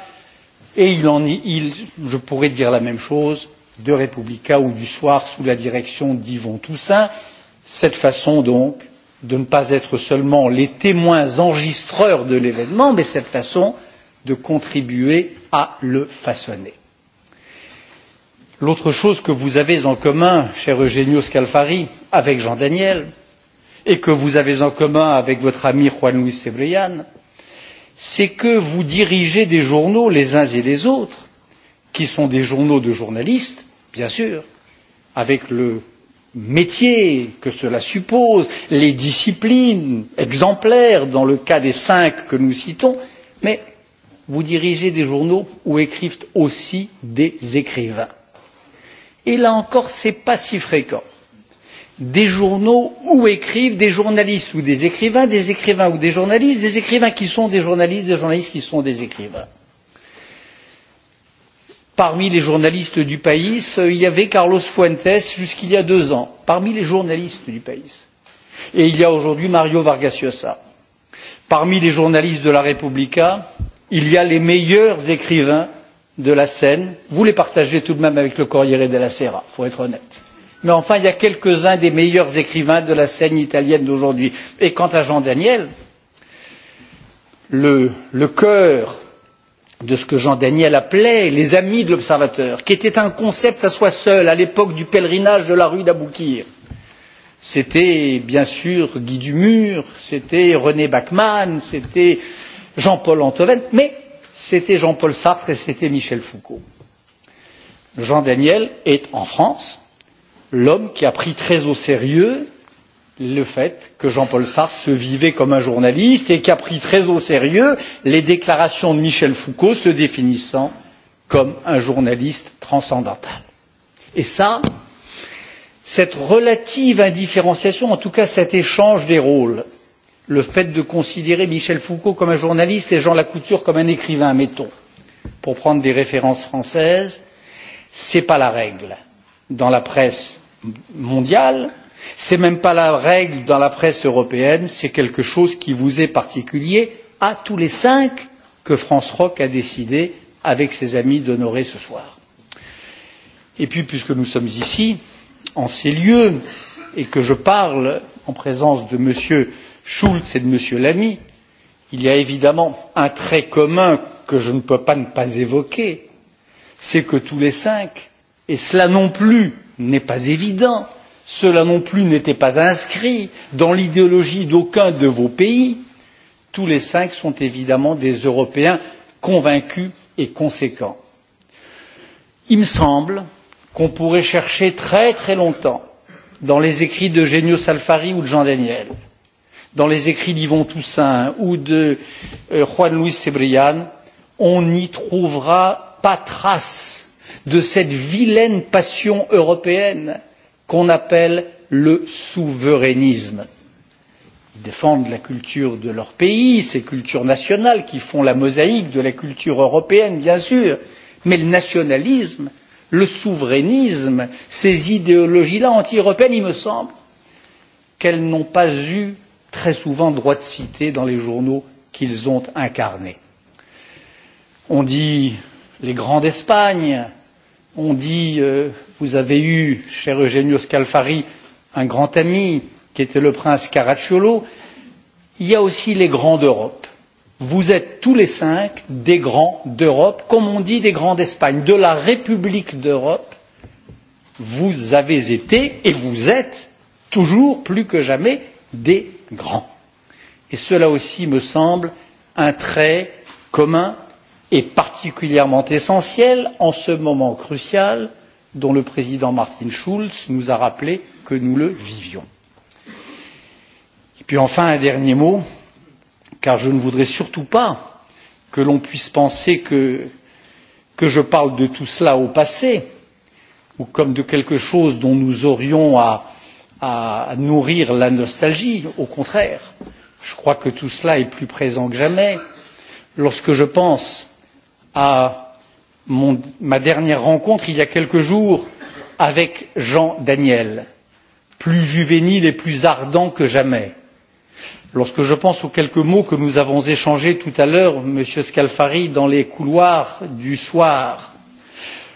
et je pourrais dire la même chose de republika ou du soir sous la direction d'yvon toussaint cette façon donc de ne pas être seulement les témoins enregistreurs de l'événement mais cette façon de contribuer à le façonner l'autre chose que vous avez en commun cher eugenio scalfari avec jean daniel et que vous avez en commun avec votre ami juan luis sebrian c'est que vous dirigez des journaux les uns et les autres qui sont des journaux de journalistes bien sûr avec le métier que cela suppose les disciplines exemplaires dans le cas des cinq que nous citons mais vous dirigez des journaux où écrivent aussi des écrivains et là encore ce n'est pas si fréquent des journaux où écrivent des journalistes ou des écrivains, des écrivains ou des journalistes, des écrivains qui sont des journalistes, des journalistes qui sont des écrivains. Parmi les journalistes du pays, il y avait Carlos Fuentes jusqu'il y a deux ans, parmi les journalistes du pays. Et il y a aujourd'hui Mario Vargas Llosa. Parmi les journalistes de la Repubblica, il y a les meilleurs écrivains de la seine vous les partagez tout de même avec le corriere della sera il faut être honnête mais enfin il y a quelques uns des meilleurs écrivains de la scène italienne d'aujourd'hui et quant à jean daniel le, le cœur de ce que Jean Daniel appelait les amis de l'observateur, qui était un concept à soi seul à l'époque du pèlerinage de la rue d'Aboukir. C'était bien sûr Guy Dumur, c'était René Bachmann, c'était Jean-Paul Antoven, mais c'était Jean Paul Sartre et c'était Michel Foucault. Jean Daniel est en France l'homme qui a pris très au sérieux le fait que Jean Paul Sartre se vivait comme un journaliste et qui a pris très au sérieux les déclarations de Michel Foucault se définissant comme un journaliste transcendantal. Et ça, cette relative indifférenciation, en tout cas cet échange des rôles, le fait de considérer michel foucault comme un journaliste et jean lacouture comme un écrivain mettons pour prendre des références françaises ce n'est pas la règle dans la presse mondiale ce n'est même pas la règle dans la presse européenne c'est quelque chose qui vous est particulier à tous les cinq que france roch a décidé avec ses amis d'honorer ce soir. et puis puisque nous sommes ici en ces lieux et que je parle en présence de m schulz et de m. lamy il y a évidemment un trait commun que je ne peux pas ne pas évoquer c'est que tous les cinq et cela non plus n'est pas évident cela non plus n'était pas inscrit dans l'idéologie d'aucun de vos pays tous les cinq sont évidemment des européens convaincus et conséquents. il me semble qu'on pourrait chercher très très longtemps dans les écrits d'eugenio Salfari ou de jean daniel dans les écrits d'yvon toussaint ou de juan luis cebrian on n'y trouvera pas trace de cette vilaine passion européenne qu'on appelle le souverainisme. Ils défendent la culture de leur pays, ces cultures nationales qui font la mosaïque de la culture européenne, bien sûr, mais le nationalisme, le souverainisme, ces idéologies là anti européennes, il me semble qu'elles n'ont pas eu très souvent droit de cité dans les journaux qu'ils ont incarnés. On dit les grands d'Espagne, on dit euh, vous avez eu, cher Eugenio Scalfari, un grand ami qui était le prince Caracciolo. Il y a aussi les grands d'Europe. Vous êtes tous les cinq des grands d'Europe, comme on dit des grands d'Espagne, de la République d'Europe. Vous avez été et vous êtes toujours plus que jamais des grand. Et cela aussi me semble un trait commun et particulièrement essentiel en ce moment crucial dont le président Martin Schulz nous a rappelé que nous le vivions. Et puis enfin un dernier mot, car je ne voudrais surtout pas que l'on puisse penser que, que je parle de tout cela au passé, ou comme de quelque chose dont nous aurions à, à nourrir la nostalgie au contraire je crois que tout cela est plus présent que jamais. lorsque je pense à ma dernière rencontre il y a quelques jours avec jean daniel plus juvénile et plus ardent que jamais lorsque je pense aux quelques mots que nous avons échangés tout à l'heure monsieur scalfari dans les couloirs du soir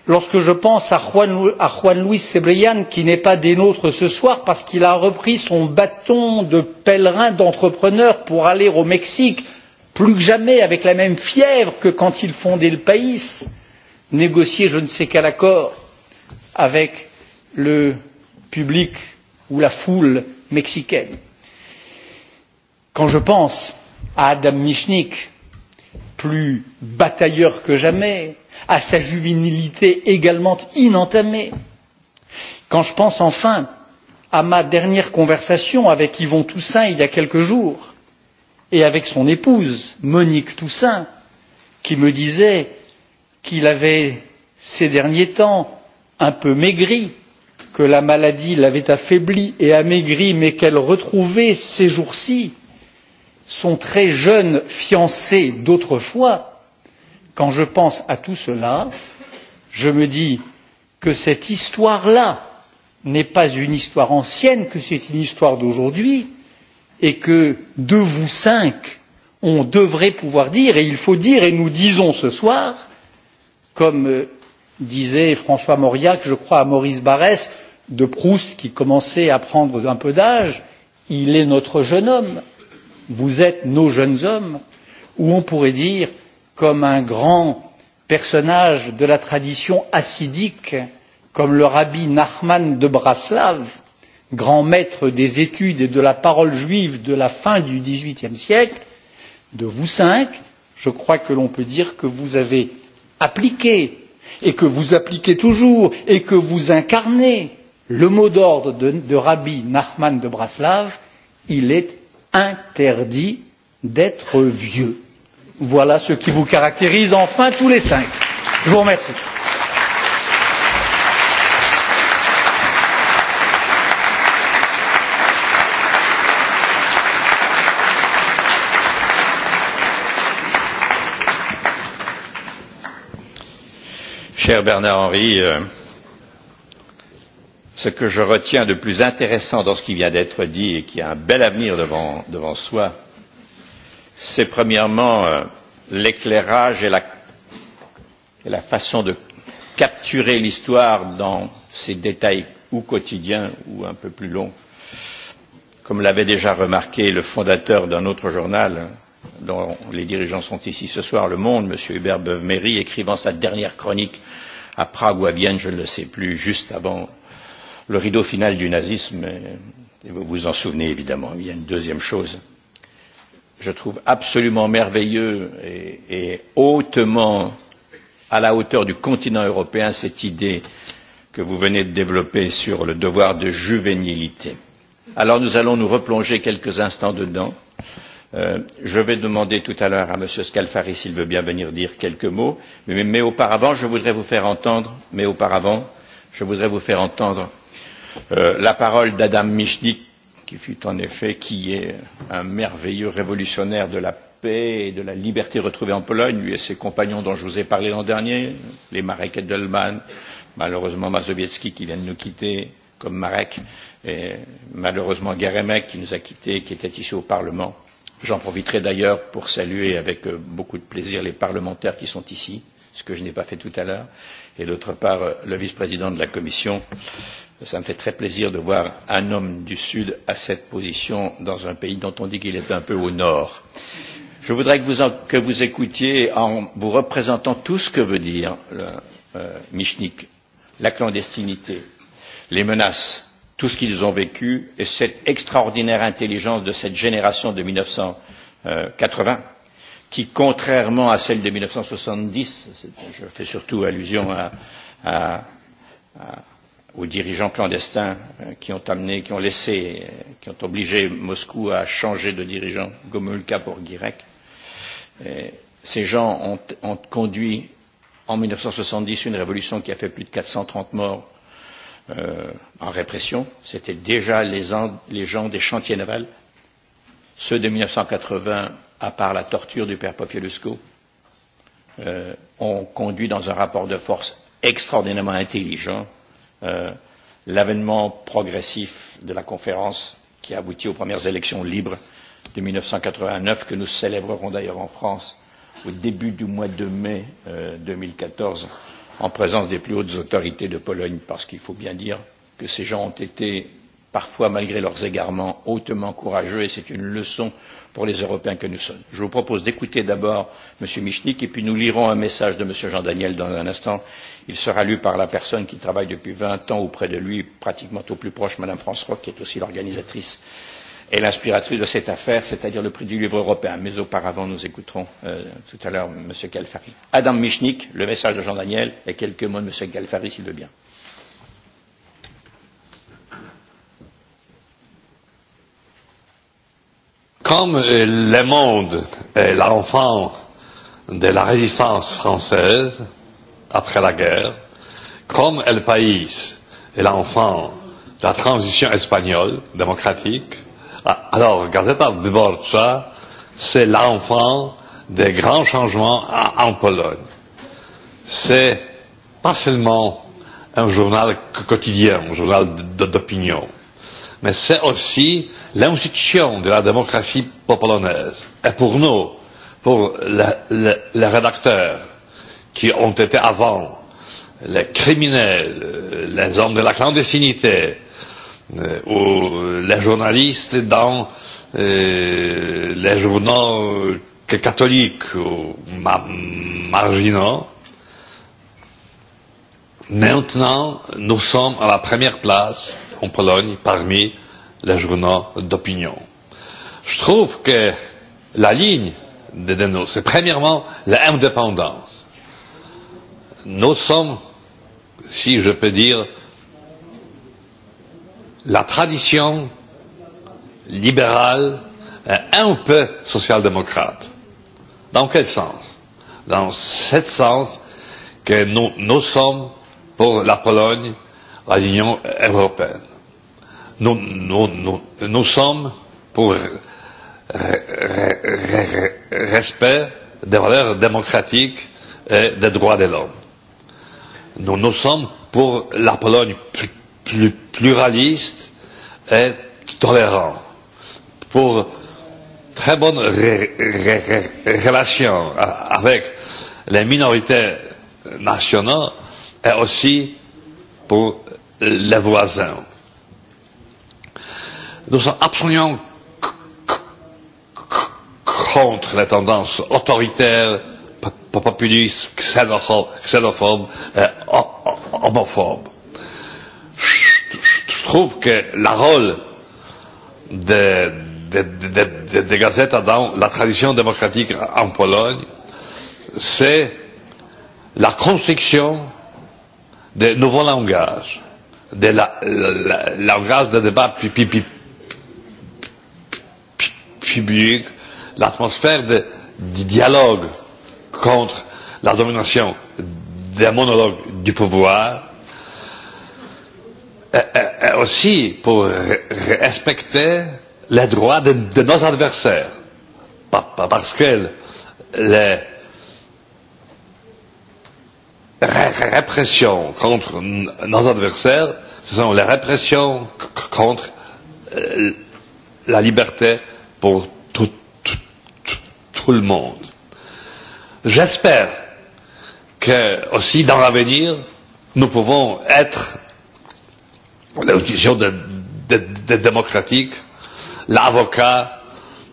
lorsque je pense à juan luis cebrian qui n'est pas des nôtres ce soir parce qu'il a repris son bâton de pèlerin d'entrepreneur pour aller au mexique plus que jamais avec la même fièvre que quand il fondait le pays négocier je ne sais quel accord avec le public ou la foule mexicaine. Quand je pense à Adam Michnik, plus batailleur que jamais, à sa juvénilité également inentamée. Quand je pense enfin à ma dernière conversation avec Yvon Toussaint il y a quelques jours et avec son épouse Monique Toussaint qui me disait qu'il avait ces derniers temps un peu maigri, que la maladie l'avait affaibli et amaigri, mais qu'elle retrouvait ces jours-ci son très jeune fiancé d'autrefois quand je pense à tout cela je me dis que cette histoire là n'est pas une histoire ancienne que c'est une histoire d'aujourd'hui et que de vous cinq on devrait pouvoir dire et il faut dire et nous disons ce soir comme disait François Mauriac, je crois, à Maurice Barrès, de Proust qui commençait à prendre un peu d'âge, il est notre jeune homme, vous êtes nos jeunes hommes, ou on pourrait dire comme un grand personnage de la tradition hassidique comme le rabbi Nachman de Braslav, grand maître des études et de la parole juive de la fin du XVIIIe siècle, de vous cinq, je crois que l'on peut dire que vous avez appliqué et que vous appliquez toujours et que vous incarnez le mot d'ordre de, de Rabbi Nachman de Braslav, il est interdit d'être vieux voilà ce qui vous caractérise enfin tous les cinq. je vous remercie. cher bernard henri ce que je retiens de plus intéressant dans ce qui vient d'être dit et qui a un bel avenir devant soi c'est premièrement l'éclairage et la, façon de capturer l'histoire dans ses détails ou quotidiens ou un peu plus longs, comme l'avait déjà remarqué le fondateur d'un autre journal dont les dirigeants sont ici ce soir, Le Monde, M. Hubert Beuve-Méry, écrivant sa dernière chronique à Prague ou à Vienne, je ne le sais plus, juste avant le rideau final du nazisme, et vous vous en souvenez évidemment. Il y a une deuxième chose je trouve absolument merveilleux et, et hautement à la hauteur du continent européen cette idée que vous venez de développer sur le devoir de juvénilité. Alors nous allons nous replonger quelques instants dedans. Euh, je vais demander tout à l'heure à M. Scalfari s'il veut bien venir dire quelques mots, mais, mais auparavant je voudrais vous faire entendre, mais auparavant je voudrais vous faire entendre euh, la parole d'Adam Michnik qui fut en effet, qui est un merveilleux révolutionnaire de la paix et de la liberté retrouvée en Pologne, lui et ses compagnons dont je vous ai parlé l'an dernier, les Marek Edelman, malheureusement Mazowiecki qui vient de nous quitter, comme Marek, et malheureusement Garemek qui nous a quittés, qui était ici au Parlement. J'en profiterai d'ailleurs pour saluer avec beaucoup de plaisir les parlementaires qui sont ici, ce que je n'ai pas fait tout à l'heure, et d'autre part le vice-président de la Commission, euh, Ça me fait très plaisir de voir un homme du Sud à cette position dans un pays dont on dit qu'il est un peu au Nord. Je voudrais que vous, en, que vous écoutiez en vous représentant tout ce que veut dire le euh, Michnik, la clandestinité, les menaces, tout ce qu'ils ont vécu et cette extraordinaire intelligence de cette génération de 1980 qui, contrairement à celle de 1970, je fais surtout allusion à, à, à aux dirigeants clandestins qui ont amené, qui ont laissé, qui ont obligé Moscou à changer de dirigeant, Gomulka pour Et Ces gens ont, ont conduit en 1970 une révolution qui a fait plus de 430 morts euh, en répression. C'était déjà les, les gens des chantiers navals. Ceux de 1980, à part la torture du père Pofielusko, euh, ont conduit dans un rapport de force extraordinairement intelligent l'avènement progressif de la conférence qui a abouti aux premières élections libres de mille neuf cent quatre vingt neuf que nous célébrerons d'ailleurs en france au début du mois de mai deux mille quatorze en présence des plus hautes autorités de pologne parce qu'il faut bien dire que ces gens ont été parfois malgré leurs égarements hautement courageux et c'est une leçon pour les européens que nous sommes. je vous propose d'écouter d'abord m. michnik et puis nous lirons un message de m. jean daniel dans un instant Il sera lu par la personne qui travaille depuis vingt ans auprès de lui, pratiquement au plus proche, Madame Rock, qui est aussi l'organisatrice et l'inspiratrice de cette affaire, c'est-à-dire le prix du livre européen. Mais auparavant, nous écouterons euh, tout à l'heure M. Galfari. Adam Michnik, le message de Jean Daniel, et quelques mots de M. Galfari, s'il veut bien. Comme le monde est l'enfant de la résistance française, après la guerre, comme El País est l'enfant de la transition espagnole démocratique, alors Gazeta Wyborcza, c'est l'enfant des grands changements en Pologne. C'est pas seulement un journal quotidien, un journal d'opinion, mais c'est aussi l'institution de la démocratie polonaise. Et pour nous, pour les rédacteurs, qui ont été avant les criminels, les hommes de la clandestinité ou les journalistes dans les journaux catholiques ou marginaux. Maintenant, nous sommes à la première place en Pologne parmi les journaux d'opinion. Je trouve que la ligne de Denos, c'est premièrement l'indépendance nous sommes, si je peux dire, la tradition libérale et un peu social-démocrate. Dans quel sens Dans ce sens que nous, nous sommes pour la Pologne, l'Union européenne. Nous, nous, nous, nous sommes pour respect des valeurs démocratiques et des droits de l'homme. Nous, nous sommes pour la Pologne plus, plus pluraliste et tolérante, pour très bonnes relations avec les minorités nationales et aussi pour les voisins. Nous sommes absolument contre les tendances autoritaires pas populiste, xénophobe, xénophobe euh, homophobe. Je trouve que la rôle des de, de, de, de gazettes dans la tradition démocratique en Pologne, c'est la construction de nouveaux langages, de la, la, la, langage de débat public, l'atmosphère de, de dialogue contre la domination des monologues du pouvoir, et, et, et aussi pour respecter les droits de, de nos adversaires, pas, pas parce que les répressions contre nos adversaires, ce sont les répressions contre la liberté pour tout, tout, tout le monde. J'espère que aussi dans l'avenir, nous pouvons être la position de, de, de démocratique, l'avocat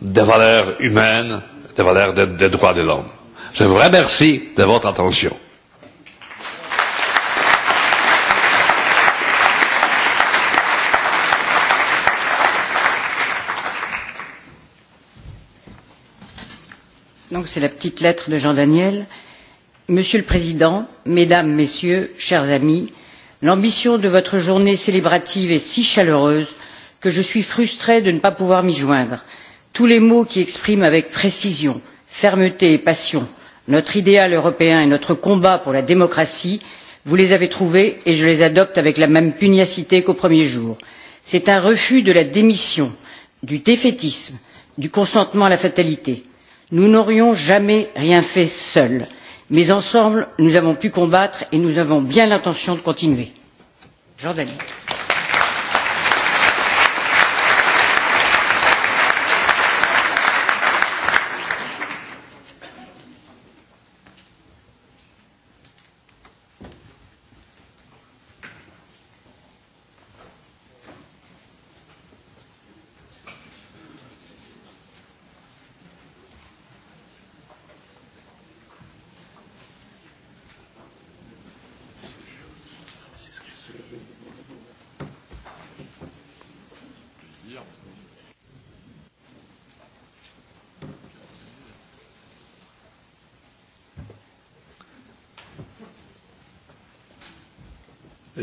des valeurs humaines, des valeurs des de droits de l'homme. Je vous remercie de votre attention. donc c'est la petite lettre de Jean Daniel. Monsieur le Président, Mesdames, Messieurs, chers amis, l'ambition de votre journée célébrative est si chaleureuse que je suis frustrée de ne pas pouvoir m'y joindre. Tous les mots qui expriment avec précision, fermeté et passion notre idéal européen et notre combat pour la démocratie, vous les avez trouvés et je les adopte avec la même pugnacité qu'au premier jour. C'est un refus de la démission, du défaitisme, du consentement à la fatalité nous n'aurions jamais rien fait seuls mais ensemble nous avons pu combattre et nous avons bien l'intention de continuer. jordanie.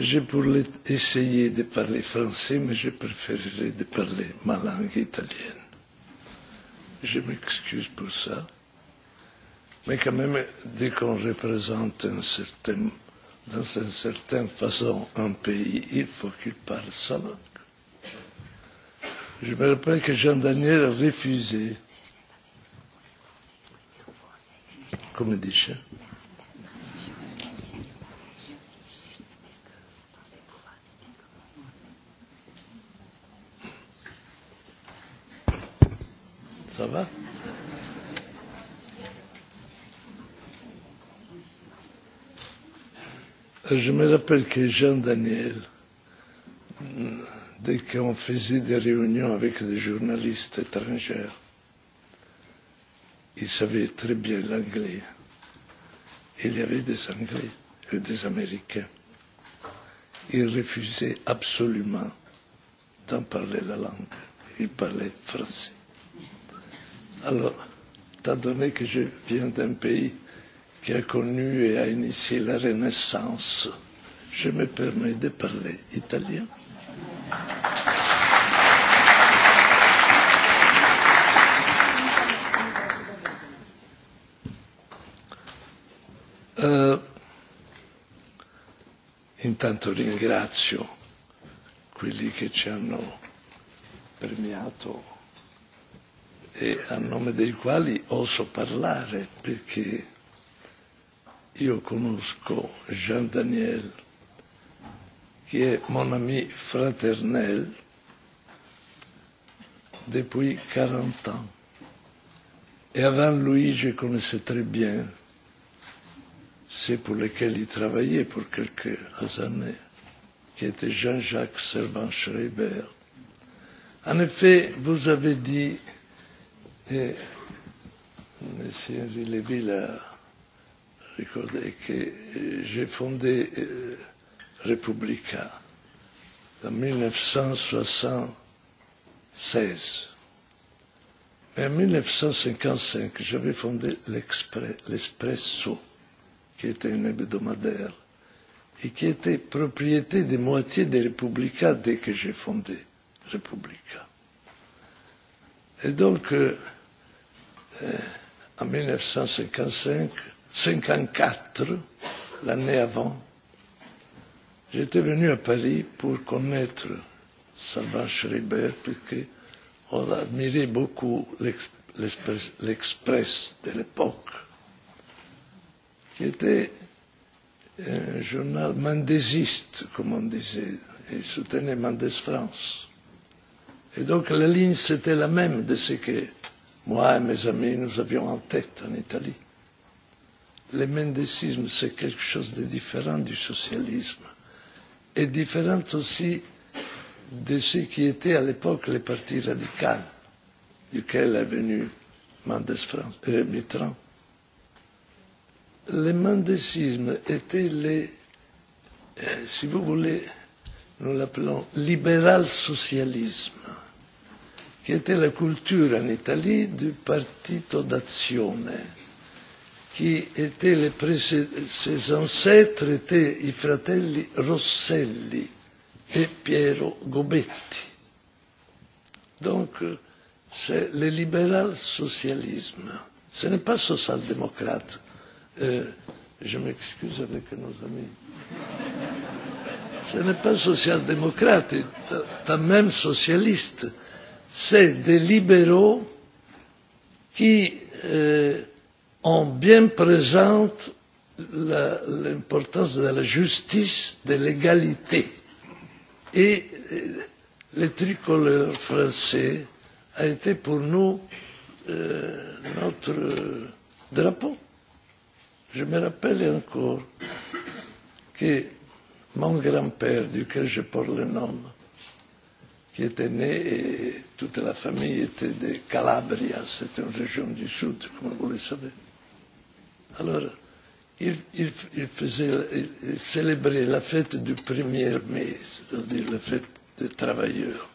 Je pourrais essayer de parler français, mais je préférerais de parler ma langue italienne. Je m'excuse pour ça. Mais quand même, dès qu'on représente un certain, dans une certaine façon un pays, il faut qu'il parle sa langue. Je me rappelle que Jean Daniel a refusé, comme dit, Je me rappelle que Jean Daniel, dès qu'on faisait des réunions avec des journalistes étrangers, il savait très bien l'anglais. Il y avait des Anglais et des Américains. Il refusait absolument d'en parler la langue. Il parlait français. Alors, étant donné que je viens d'un pays qui a connu et a initié la Renaissance. Je me permets de parler italien. Uh, intanto ringrazio quelli che ci hanno premiato e a nome dei quali oso parlare perché Io conosco Jean Daniel, che è mon ami fraternel depuis 40 ans. Et avant lui, je connaissais très bien ceux pour lesquels il travaillait pour quelques années, qui était Jean-Jacques Servan Schreiber. En effet, vous avez dit, et M. Rilevi a ricordez que j'ai fondé Repubblica en 1976. Mais en 1955, j'avais fondé l'Espresso, qui était un hebdomadaire et qui était propriété de moitié des Republica dès que j'ai fondé Republica. Et donc, euh, en 1955, 54, l'année avant, j'étais venu à Paris pour connaître Sylvain Schreiber, puisque on admirait beaucoup l'Express de l'époque, qui était un journal mendésiste, comme on disait, et soutenait Mendès France. Et donc la ligne, c'était la même de ce que moi et mes amis, nous avions en tête en Italie le mendicisme c'est quelque chose de différent du socialisme et différent aussi de ce qui était à l'époque le parti radical duquel est venu Mendes France, euh, Mitterrand. Le mendicisme était le, euh, si vous voulez, nous l'appelons libéral socialisme, qui était la culture en Italie du partito d'azione qui étaient les ses ancêtres étaient i fratelli Rosselli et Piero Gobetti. Donc, c'est le libéral socialisme. Ce n'est pas social-démocrate. Euh, je m'excuse avec nos amis. Ce n'est pas social-démocrate, quand même socialiste. C'est des libéraux qui euh, ont bien présente l'importance de la justice, de l'égalité. Et le tricolore français a été pour nous euh, notre drapeau. Je me rappelle encore que mon grand-père, duquel je porte le nom, qui était né et toute la famille était de Calabria, c'est une région du sud, comme vous le savez Alors, il, il, il, faisait, il, il célébrait la fête du 1er mai, c'est-à-dire la fête des travailleurs.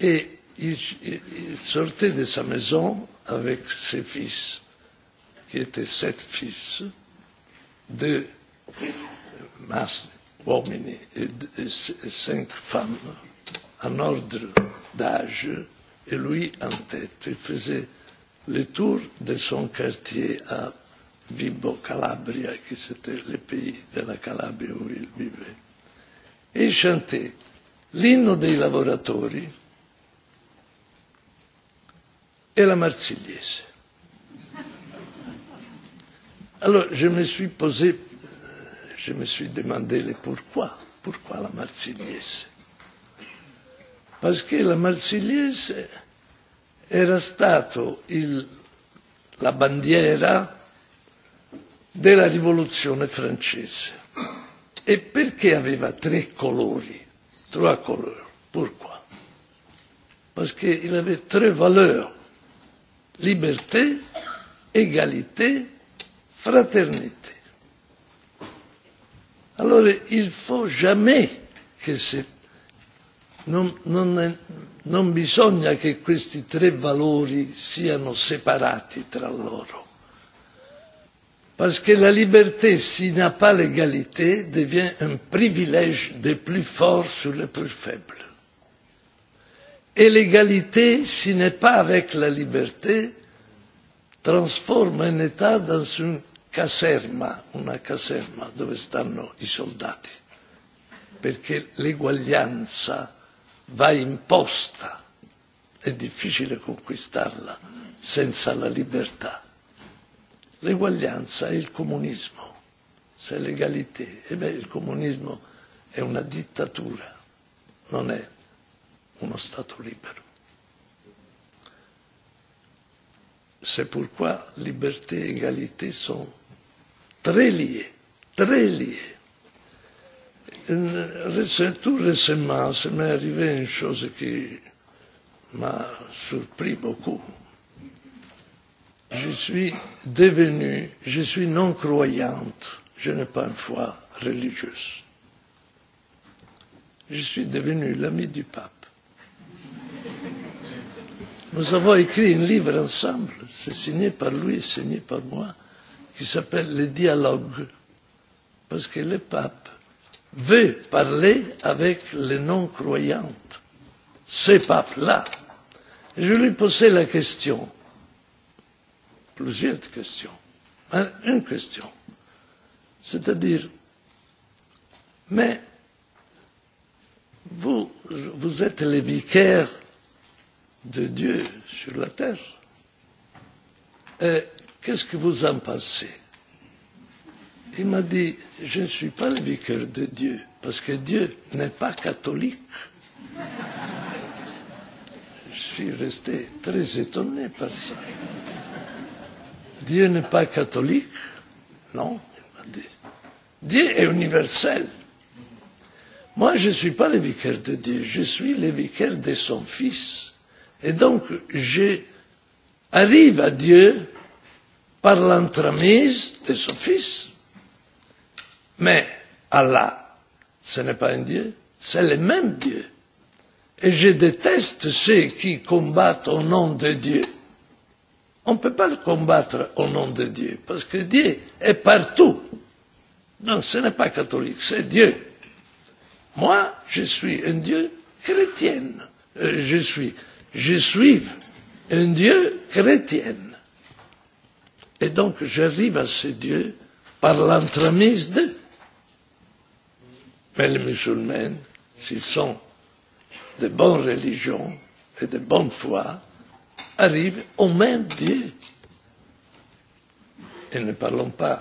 Et il, il sortait de sa maison avec ses fils, qui étaient sept fils, de masse. uomini cinq femmes en ordre d'âge, et lui en tête. Il faisait le tour de son quartier à Vibo Calabria, qui c'était le pays de la Calabria où il vivait. Et chantait l'hymne des lavoratori et la Marseillaise. Alors je me suis posé, je me suis demandé le pourquoi, pourquoi la Marseillaise Parce que la Marseillaise, era stato il, la bandiera della rivoluzione francese. E perché aveva tre colori? Trois colori, Pourquoi? Perché qu'il avait trois valeurs. Liberté, égalité, fraternité. Allora il faut jamais che se... non, non, non bisogna che questi tre valori siano separati tra loro. Parce que la liberté, s'il n'a pas l'égalité, devient un privilège des plus forts sur les plus faibles. Et l'égalité, s'il n'est pas avec la liberté, transforme un État dans une caserma, una caserma dove stanno i soldati, perché l'eguaglianza va imposta, è difficile conquistarla senza la libertà. L'eguaglianza è il comunismo, se l'egalité, e beh, il comunismo è una dittatura, non è uno Stato libero. C'est pourquoi liberté e égalité sono tre lie, tre lie tout récemment, ça m'est arrivé une chose qui m'a surpris beaucoup. Je suis devenue, je suis non croyante, je n'ai pas une foi religieuse. Je suis devenu l'ami du pape. Nous avons écrit un livre ensemble, c'est signé par lui et signé par moi, qui s'appelle Les dialogues, parce que le pape veut parler avec les non croyantes, ce pape là. Je lui posais la question, plusieurs questions, une question, c'est-à-dire, mais vous, vous êtes les vicaires de Dieu sur la terre. et Qu'est-ce que vous en pensez Il m'a dit, je ne suis pas le vicaire de Dieu, parce que Dieu n'est pas catholique. Je suis resté très étonné par ça. Dieu n'est pas catholique Non, il m'a dit. Dieu est universel. Moi, je ne suis pas le vicaire de Dieu, je suis le vicaire de son Fils. Et donc, j'arrive à Dieu par l'entremise de son Fils. Mais Allah, ce n'est pas un Dieu, c'est le même Dieu. Et je déteste ceux qui combattent au nom de Dieu. On ne peut pas le combattre au nom de Dieu, parce que Dieu est partout. Non, ce n'est pas catholique, c'est Dieu. Moi, je suis un Dieu chrétien. Euh, je suis. Je suis un Dieu chrétien. Et donc, j'arrive à ce Dieu par l'entremise de Mais les musulmans, s'ils sont de bonnes religions et de bonne foi, arrivent au même Dieu. Et ne parlons pas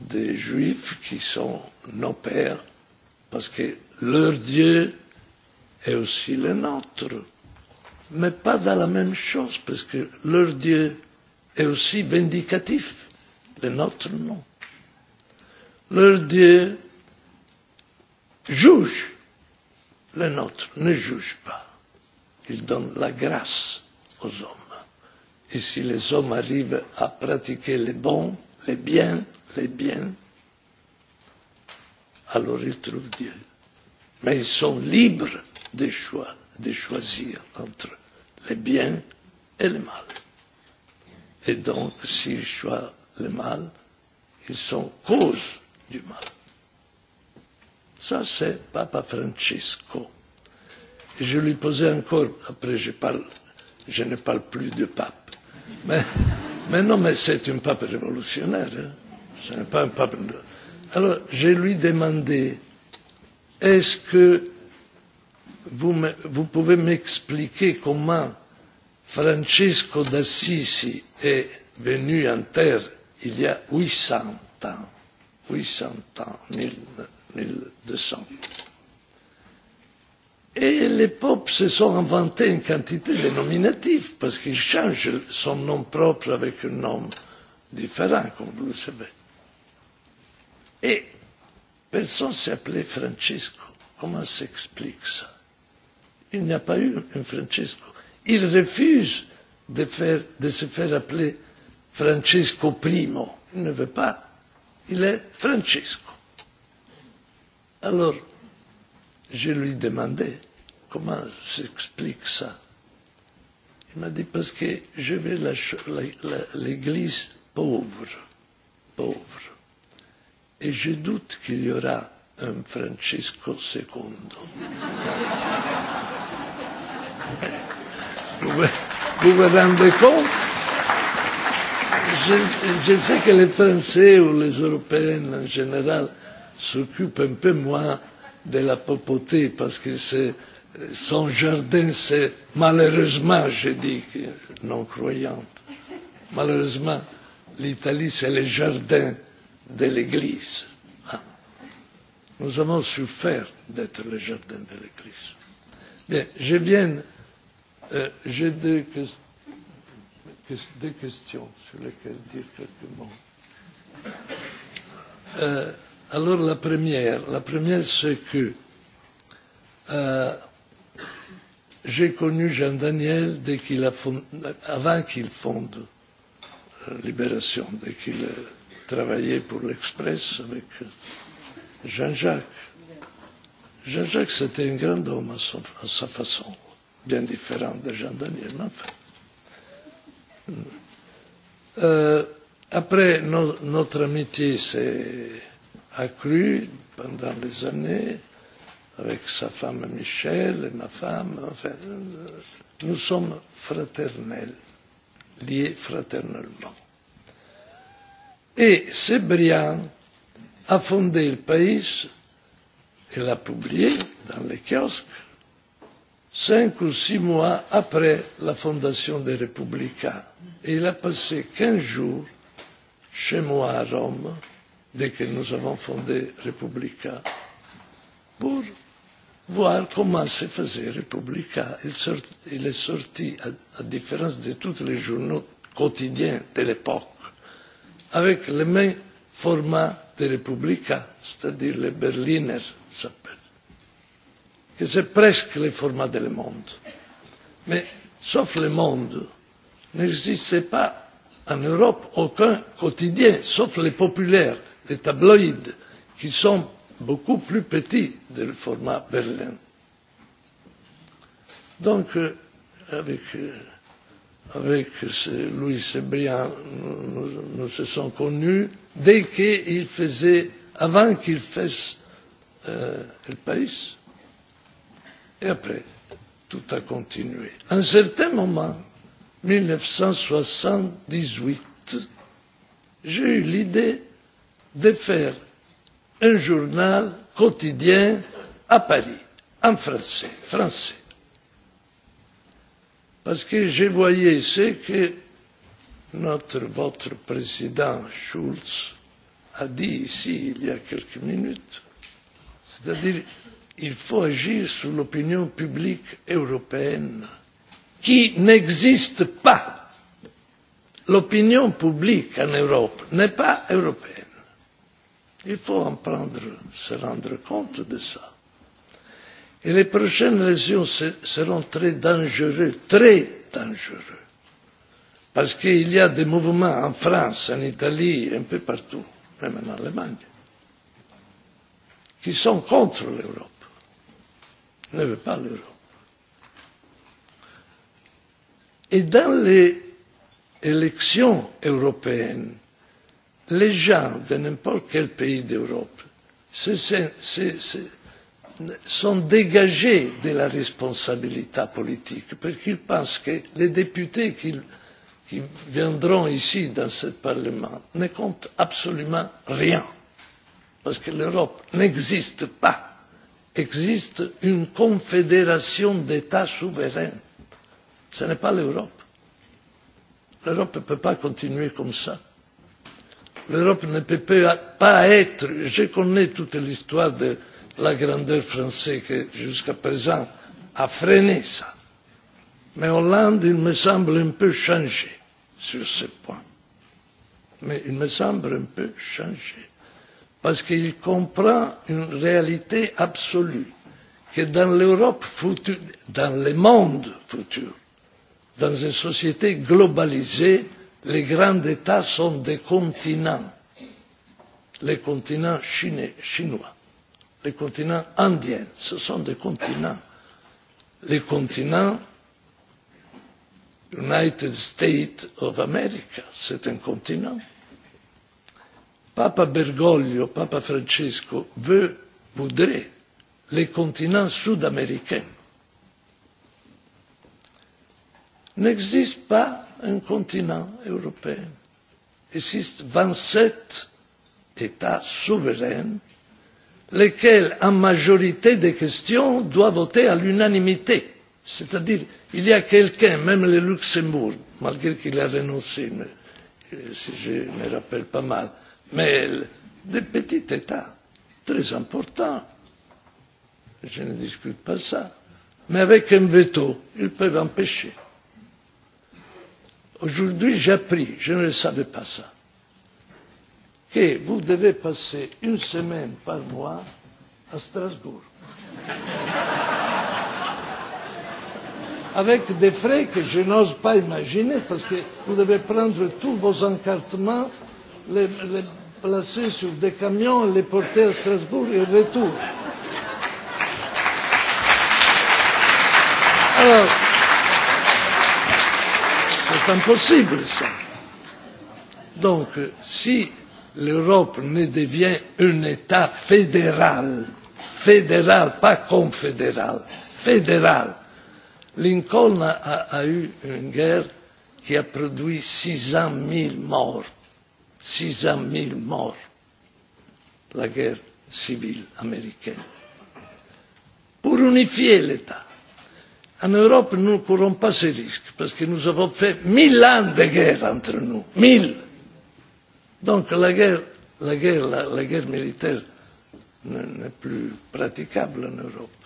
des juifs qui sont nos pères, parce que leur Dieu est aussi le nôtre, mais pas dans la même chose, parce que leur Dieu est aussi vindicatif, le nôtre non. Leur Dieu juge le nôtre, ne juge pas. Il donne la grâce aux hommes. Et si les hommes arrivent à pratiquer les bons, les biens, les biens, alors ils trouvent Dieu. Mais ils sont libres de choix, de choisir entre les biens et le mal. Et donc, s'ils choisissent le mal, ils sont cause du mal. Ça, c'est Papa Francisco. Et je lui posais encore, après je parle, je ne parle plus de pape. Mais, mais non, mais c'est un pape révolutionnaire. Hein. Ce n'est pas un pape. Alors, je lui demandais, est-ce que vous, me, vous pouvez m'expliquer comment Francesco d'Assisi est venu en terre il y a 800 ans, 800 ans, 1900 1200. Et les popes se sont inventés une quantité de nominatifs parce qu'ils changent son nom propre avec un nom différent, comme vous le savez. Et personne s'est appelé Francesco. Comment s'explique ça Il n'y a pas eu un Francesco. Il refuse de, faire, de se faire appeler Francesco I. Il ne veut pas. Il est Francesco. Alors, je lui demandais comment s'explique ça. Il m'a dit parce que je vais l'église pauvre, pauvre, et je doute qu'il y aura un Francesco II. vous, vous vous rendez compte je, je sais que les Français ou les Européens en général s'occupe un peu moins de la papauté parce que c'est son jardin, c'est malheureusement, je dis, non croyante, malheureusement, l'Italie, c'est le jardin de l'Église. Nous avons souffert d'être le jardin de l'Église. Bien, je viens, euh, j'ai deux, deux questions sur lesquelles dire quelques mots. Euh, Alors la première, la première c'est que euh, j'ai connu Jean Daniel dès qu'il a fond, avant qu'il fonde Libération, dès qu'il travaillait pour l'Express avec Jean-Jacques. Jean-Jacques c'était un grand homme à, son, à sa façon, bien différent de Jean Daniel, mais enfin. Euh, après, no, notre amitié c'est a cru pendant des années avec sa femme Michel et ma femme. Enfin, nous sommes fraternels, liés fraternellement. Et Sébrian a fondé le pays et l'a publié dans les kiosques cinq ou six mois après la fondation des Républicains. Et il a passé quinze jours chez moi à Rome dès que nous avons fondé Republica, pour voir comment se faisait Republica. Il, sort, il est sorti, à, à différence de tous les journaux quotidiens de l'époque, avec le même format de Republica, c'est-à-dire le Berliner s'appelle, que c'est presque le format de Le Monde. Mais sauf Le Monde, n'existait pas en Europe aucun quotidien, sauf les populaires des tabloïds qui sont beaucoup plus petits que le format berlin. Donc, avec, avec Louis Sebrian, nous, nous se sommes connus dès qu'il faisait, avant qu'il fasse euh, le pays. Et après, tout a continué. À un certain moment, 1978, j'ai eu l'idée de faire un journal quotidien à Paris, en français, français. Parce que je voyais ce que notre, votre président Schulz a dit ici il y a quelques minutes, c'est-à-dire il faut agir sur l'opinion publique européenne qui n'existe pas. L'opinion publique en Europe n'est pas européenne Il faut en prendre, se rendre compte de ça. Et les prochaines lésions seront très dangereuses, très dangereuses. Parce qu'il y a des mouvements en France, en Italie, un peu partout, même en Allemagne, qui sont contre l'Europe, ne veulent pas l'Europe. Et dans les élections européennes, les gens de n'importe quel pays d'Europe sont dégagés de la responsabilité politique parce qu'ils pensent que les députés qui, qui viendront ici dans ce Parlement ne comptent absolument rien parce que l'Europe n'existe pas. Existe une confédération d'États souverains. Ce n'est pas l'Europe. L'Europe ne peut pas continuer comme ça l'Europe ne peut pas être, je connais toute l'histoire de la grandeur française qui jusqu'à présent a freiné ça. Mais Hollande, il me semble un peu changé sur ce point. Mais il me semble un peu changé. Parce qu'il comprend une réalité absolue, que dans l'Europe future, dans le monde futur, dans une société globalisée, les grands États sont des continents. Les continents chinois, les continents indiens, ce sont des continents. Les continents United States of America, c'est un continent. Papa Bergoglio, Papa Francesco veut, voudrait les continents sud-américains. N'existe pas un continent européen. existe 27 États souverains, lesquels, en majorité des questions, doivent voter à l'unanimité. C'est-à-dire, il y a quelqu'un, même le Luxembourg, malgré qu'il a renoncé, mais, si je me rappelle pas mal, mais des petits États très importants. Je ne discute pas ça. Mais avec un veto, ils peuvent empêcher. Aujourd'hui, j'ai appris, je ne le savais pas ça, que vous devez passer une semaine par mois à Strasbourg. Avec des frais que je n'ose pas imaginer parce que vous devez prendre tous vos encartements, les, les placer sur des camions, les porter à Strasbourg et retour. Alors, C'est impossible, ça. Donc, si l'Europe ne devient un État fédéral, fédéral, pas confédéral, fédéral, Lincoln a, a eu une guerre qui a produit 600 000 morts. 600 000 morts. La guerre civile américaine. Pour unifier l'État En Europe, nous ne courons pas ces risques parce que nous avons fait mille ans de guerre entre nous. Mille. Donc la guerre, la guerre, la, la guerre militaire n'est plus praticable en Europe.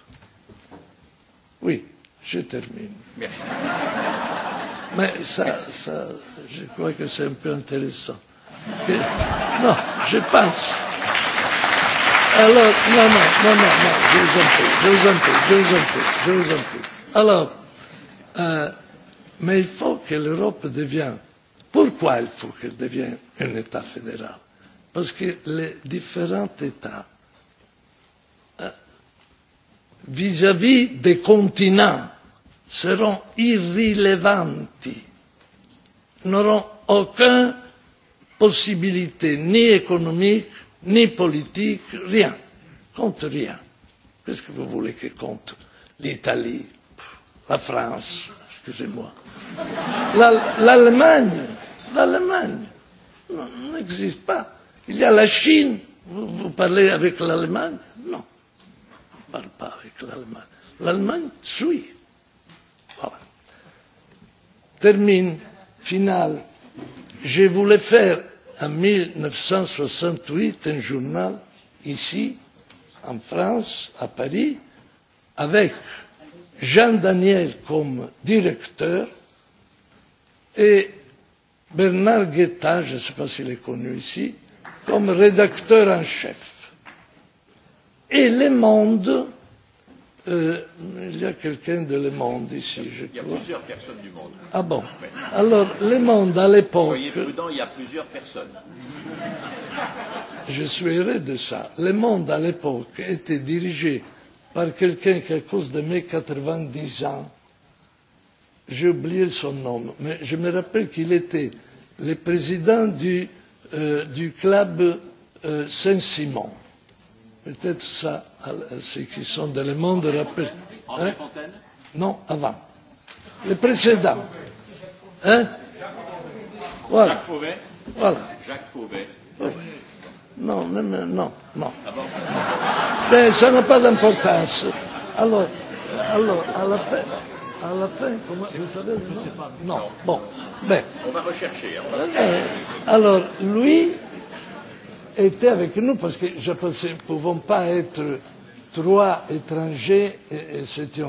Oui, je termine. Merci. Mais ça, ça, je crois que c'est un peu intéressant. Non, je pense. Alors, non, non, non, non, non, je vous en prie, je vous en prie, je vous en prie, je vous en prie. Alors, euh, mais il faut que l'Europe devienne. Pourquoi il faut qu'elle devienne un État fédéral Parce que les différents États, vis-à-vis -vis des continents, seront irrilevanti, n'auront aucune possibilité ni économique, ni politique, rien. Compte rien. Qu'est-ce que vous voulez que compte l'Italie, la France, excusez-moi, l'Allemagne, l'Allemagne n'existe pas. Il y a la Chine, vous, vous parlez avec l'Allemagne Non, on ne parle pas avec l'Allemagne. L'Allemagne suit. Voilà. Termine, final Je voulais faire en 1968 un journal ici, en France, à Paris, avec Jean Daniel comme directeur et Bernard Guetta, je ne sais pas s'il est connu ici, comme rédacteur en chef. Et Le Monde, euh, il y a quelqu'un de Le Monde ici, je crois. Il y a plusieurs personnes du Monde. Ah bon Alors, Le Monde à l'époque. Soyez prudent, il y a plusieurs personnes. Je suis heureux de ça. Le Monde à l'époque était dirigé euh, par quelqu'un qui a cause de mes 90 ans, j'ai oublié son nom, mais je me rappelle qu'il était le président du, euh, du club euh, Saint-Simon. Peut-être ça, ceux qui sont dans le monde rappellent. Hein? Non, avant. Le précédent. Hein? Voilà. Jacques Fauvet. Voilà. Jacques Fauvet. Fauvet Non, même, non, non. Beh, ça n'a pas d'importance. Alors, alors, à la fin, fine, la vous savez, non, No, bon, beh. On va rechercher. Alors, lui était avec nous parce que je pensais, nous ne pouvons pas être trois étrangers, et, et c'était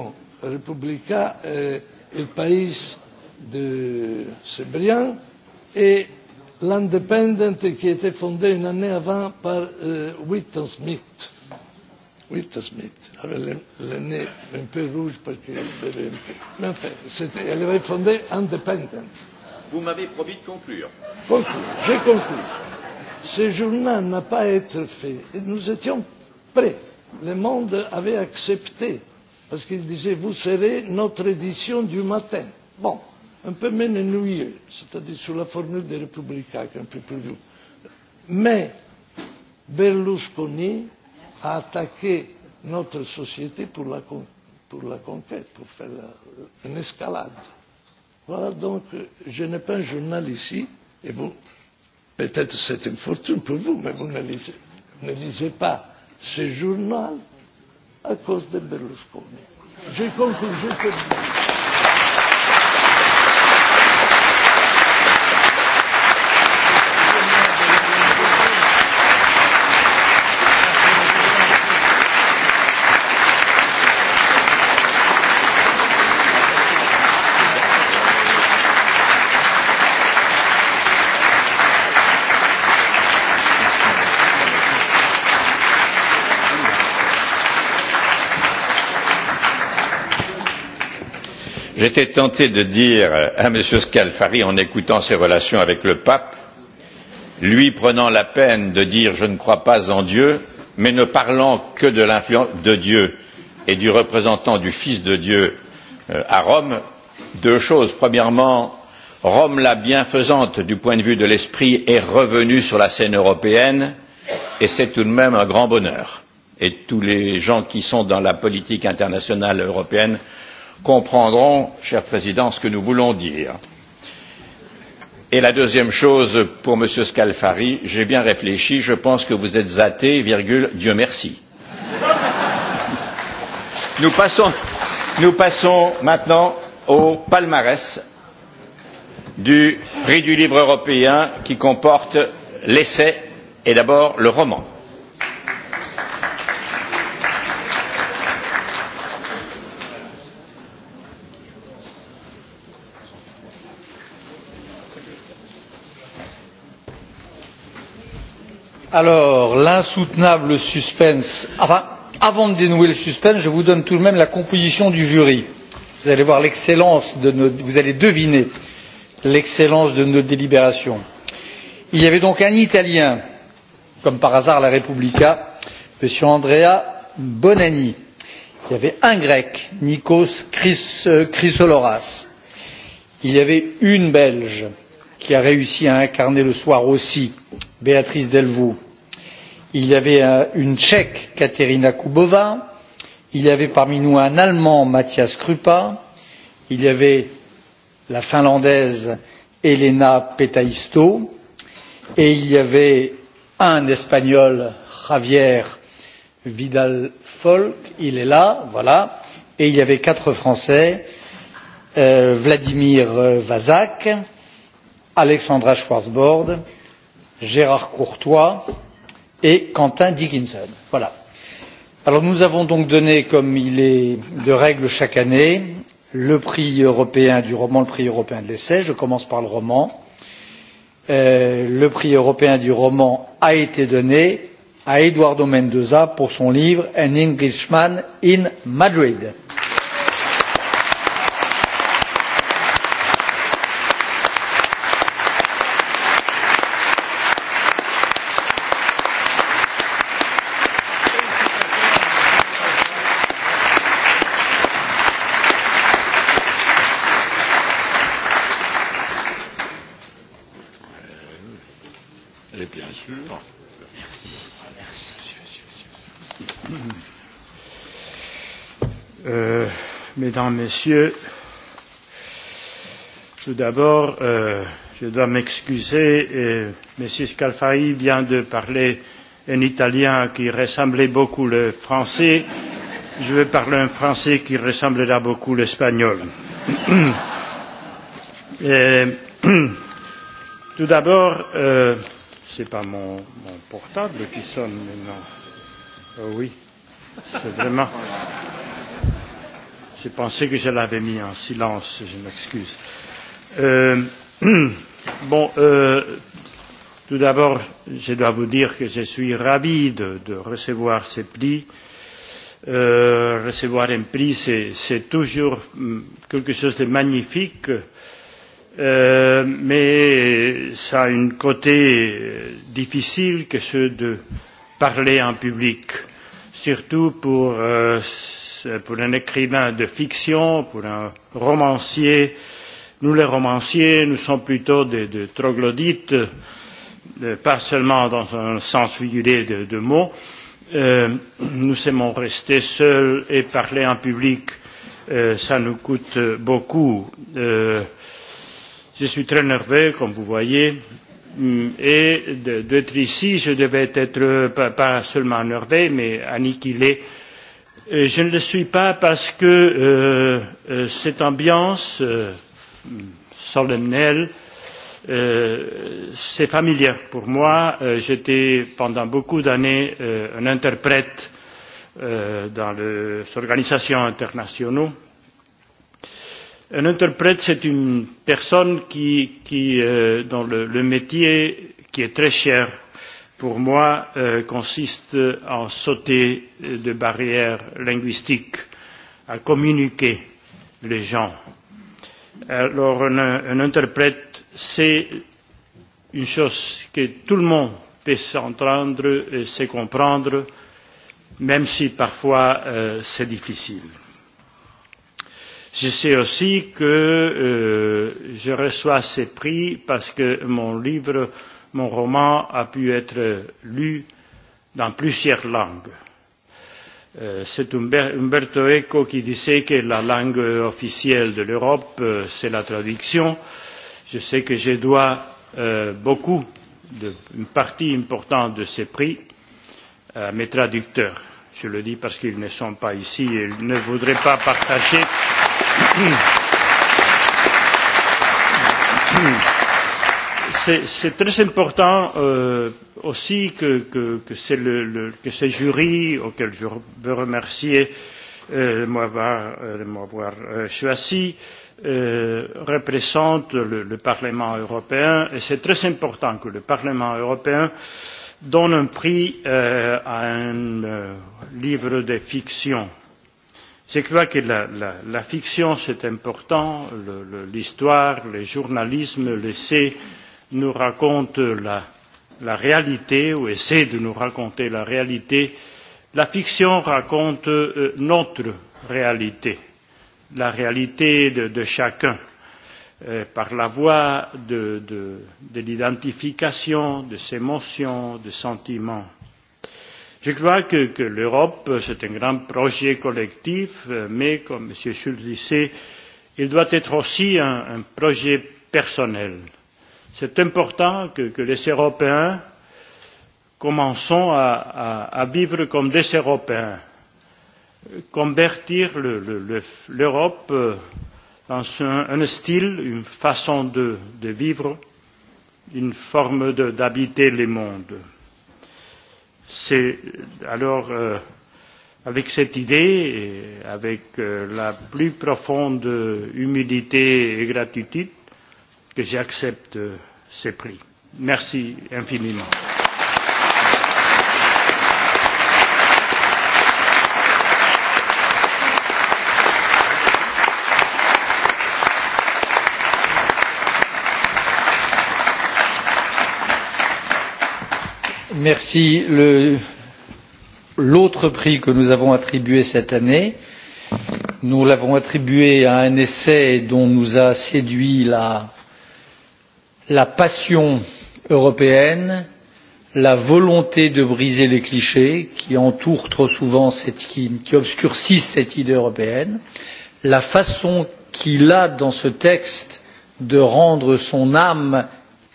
républicain, et, le pays de Sébrien et l'Independent qui était fondée une année avant par euh, Witton Smith. Witton Smith avait le, le nez un peu rouge parce qu'il avait un peu. Mais enfin, c'était, elle avait fondé Independent. Vous m'avez promis de conclure. Conclure, j'ai conclu. Ce journal n'a pas été fait. Et nous étions prêts. Le monde avait accepté parce qu'il disait vous serez notre édition du matin. Bon, un peu mène in c'est-à-dire sur la formule des républicains, un peu plus vieux. Mais Berlusconi a attaqué notre société pour la, pour la conquête, pour faire la, une escalade. Voilà donc, je n'ai pas un journal ici, et vous, peut-être c'est une fortune pour vous, mais vous ne lisez, ne lisez pas ce journal à cause de Berlusconi. Je conclue, je peux j'étais tenté de dire à m. scalfari en écoutant ses relations avec le pape lui prenant la peine de dire je ne crois pas en dieu mais ne parlant que de l'influence de dieu et du représentant du fils de dieu à rome deux choses premièrement rome la bienfaisante du point de vue de l'esprit est revenue sur la scène européenne et c'est tout de même un grand bonheur et tous les gens qui sont dans la politique internationale européenne comprendront cher président ce que nous voulons dire. et la deuxième chose pour m. scalfari j'ai bien réfléchi je pense que vous êtes athée virgule dieu merci. nous passons, nous passons maintenant au palmarès du prix du livre européen qui comporte l'essai et d'abord le roman. alors l'insoutenable suspense enfin avant de dénouer le suspense je vous donne tout de même la composition du jury vous allez voir l'excellence de nos vous allez deviner l'excellence de nos délibérations. il y avait donc un italien comme par hasard la repubblica m. andrea bonanni il y avait un grec nikos chrysoloras il y avait une belge qui a réussi à incarner le soir aussi béatrice delvaux il y avait une tchèque kateřina kubová il y avait parmi nous un allemand matthias krupa il y avait la finlandaise elena petaisto et il y avait un espagnol javier vidal folk il est là voilà et il y avait quatre français vladimir vazak alexandra schwarzbord gérard courtois et quentin dickinson. nous avons donc donné comme il est de règle chaque année le prix européen du roman le prix européen de l'essai. je commence par le roman. le prix européen du roman a été donné à eduardo mendoza pour son livre an englishman in madrid. Président, Messieurs, tout d'abord, euh, je dois m'excuser. M. Scalfari vient de parler un italien qui ressemblait beaucoup le français. Je vais parler un français qui ressemblera beaucoup l'espagnol. Tout d'abord, euh, c'est pas mon, mon portable qui sonne maintenant. Oh oui, c'est vraiment. J'ai pensé que je l'avais mis en silence, je m'excuse. Euh, bon, euh, tout d'abord, je dois vous dire que je suis ravi de, de recevoir ces prix. Euh, recevoir un prix, c'est toujours quelque chose de magnifique, euh, mais ça a un côté difficile que ceux de parler en public, surtout pour euh, pour un écrivain de fiction, pour un romancier. Nous, les romanciers, nous sommes plutôt des, des troglodytes, pas seulement dans un sens figuré de, de mots. Euh, nous aimons rester seuls et parler en public. Euh, ça nous coûte beaucoup. Euh, je suis très nerveux, comme vous voyez, et d'être ici, je devais être pas seulement nerveux, mais annihilé euh, je ne le suis pas parce que cette ambiance solennelle c'est familière pour moi. J'étais pendant beaucoup d'années un interprète dans les organisations internationales. Un interprète, c'est une personne qui, qui, dont le, le métier qui est très cher pour moi, consiste à sauter de barrières linguistiques, à communiquer les gens. Alors, un, interprète, c'est une chose que tout le monde peut s'entendre et se comprendre, même si parfois c'est difficile. Je sais aussi que je reçois ces prix parce que mon livre euh, mon roman a pu être lu dans plusieurs langues. C'est Umberto Eco qui disait que la langue officielle de l'Europe, c'est la traduction. Je sais que je dois beaucoup, une partie importante de ces prix à mes traducteurs. Je le dis parce qu'ils ne sont pas ici et ils ne voudraient pas partager c'est très important euh, aussi que, que, que, c'est le, le, que ce jury, auquel je veux remercier euh, de m'avoir, de m'avoir euh, choisi, euh, représente le, le Parlement européen. Et c'est très important que le Parlement européen donne un prix euh, à un euh, livre de fiction. Je crois que la, la, la fiction, c'est important, l'histoire, le, le journalisme, l'essai, nous raconte la, la réalité ou essaie de nous raconter la réalité, la fiction raconte euh, notre réalité, la réalité de, de chacun, euh, par la voie de, de, de l'identification de ses émotions, de sentiments. Je crois que, que l'Europe, c'est un grand projet collectif, mais comme M. Schulz disait, il doit être aussi un, un projet personnel. Euh, c'est important que, que les Européens commençons à, à, à vivre comme des Européens, convertir l'Europe le, le, le, dans un, un style, une façon de, de vivre, une forme d'habiter le monde. C'est alors euh, avec cette idée, et avec euh, la plus profonde humilité et gratitude, que j'accepte ces prix. Merci infiniment. Merci. L'autre prix que nous avons attribué cette année, nous l'avons attribué à un essai dont nous a séduit la, la passion européenne la volonté de briser les clichés qui entourent trop souvent qui obscurcissent cette idée européenne la façon qu'il a dans ce texte de rendre son âme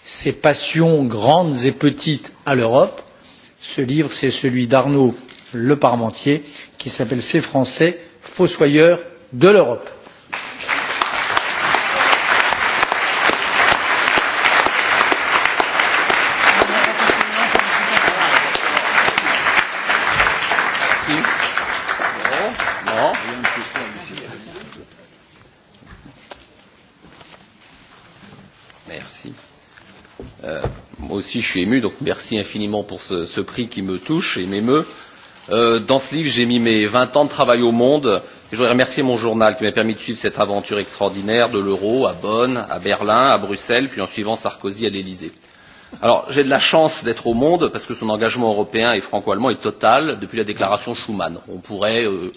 ses passions grandes et petites à l'europe ce livre c'est celui d'arnaud leparmentier qui s'appelle ces français fossoyeurs de l'europe. moi aussi je suis ému, donc merci infiniment pour ce, ce prix qui me touche et m'émeut. Euh, dans ce livre, j'ai mis mes 20 ans de travail au monde et je voudrais remercier mon journal qui m'a permis de suivre cette aventure extraordinaire de l'euro à Bonn, à Berlin, à Bruxelles, puis en suivant Sarkozy à l'Elysée. Alors, j'ai de la chance d'être au monde parce que son engagement européen et franco-allemand est total depuis la déclaration Schuman. On pourrait euh,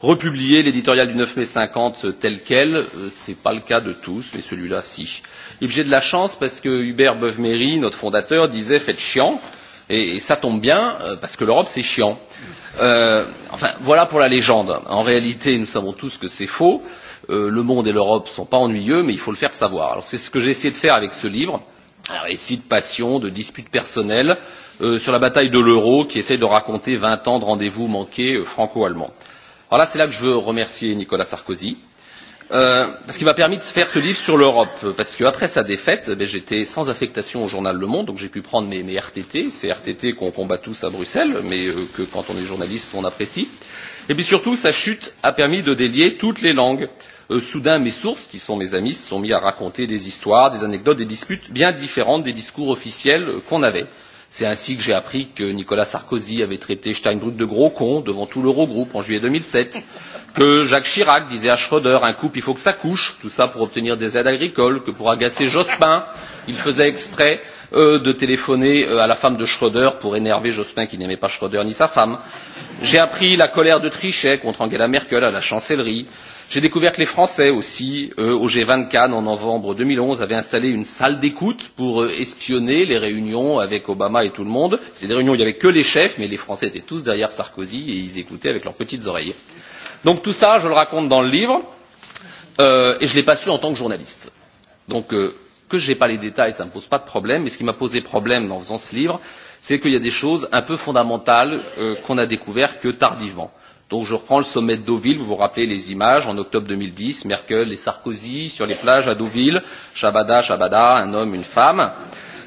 republier l'éditorial du neuf mai cinquante tel quel ce n'est pas le cas de tous mais celui là si. j'ai de la chance parce que hubert beuve-méry notre fondateur disait faites chiant et ça tombe bien parce que l'europe c'est chiant. Euh, enfin voilà pour la légende. en réalité nous savons tous que c'est faux. Euh, le monde et l'europe ne sont pas ennuyeux mais il faut le faire savoir. alors c'est ce que j'ai essayé de faire avec ce livre un récit de passion de disputes personnelles euh, sur la bataille de l'euro qui essaie de raconter vingt ans de rendez vous manqués euh, franco allemands Alors là, c'est là que je veux remercier Nicolas Sarkozy, euh, parce qu'il m'a permis de faire ce livre sur l'Europe. Parce qu'après sa défaite, ben, j'étais sans affectation au journal Le Monde, donc j'ai pu prendre mes, mes RTT, ces RTT qu'on combat tous à Bruxelles, mais euh, que quand on est journaliste, on apprécie. Et puis surtout, sa chute a permis de délier toutes les langues. Euh, soudain, mes sources, qui sont mes amis, se sont mis à raconter des histoires, des anecdotes, des disputes bien différentes des discours officiels qu'on avait. C'est ainsi que j'ai appris que Nicolas Sarkozy avait traité Steinbrück de gros con devant tout l'Eurogroupe en juillet 2007, que Jacques Chirac disait à Schröder un couple il faut que ça couche, tout ça pour obtenir des aides agricoles, que pour agacer Jospin, il faisait exprès euh, de téléphoner euh, à la femme de Schröder pour énerver Jospin qui n'aimait pas Schröder ni sa femme. J'ai appris la colère de Trichet contre Angela Merkel à la chancellerie, J'ai découvert que les Français aussi, au g vingt Cannes en novembre 2011, avaient installé une salle d'écoute pour espionner les réunions avec Obama et tout le monde. C'est des réunions où il n'y avait que les chefs, mais les Français étaient tous derrière Sarkozy et ils écoutaient avec leurs petites oreilles. Donc tout ça, je le raconte dans le livre, euh, et je ne l'ai pas su en tant que journaliste. Donc euh, que je n'ai pas les détails, ça ne me pose pas de problème, mais ce qui m'a posé problème en faisant ce livre, c'est qu'il y a des choses un peu fondamentales euh, qu'on a découvertes que tardivement. Donc je reprends le sommet de Deauville, vous vous rappelez les images, en octobre 2010, Merkel et Sarkozy sur les plages à Deauville, Shabada, Shabada, un homme, une femme.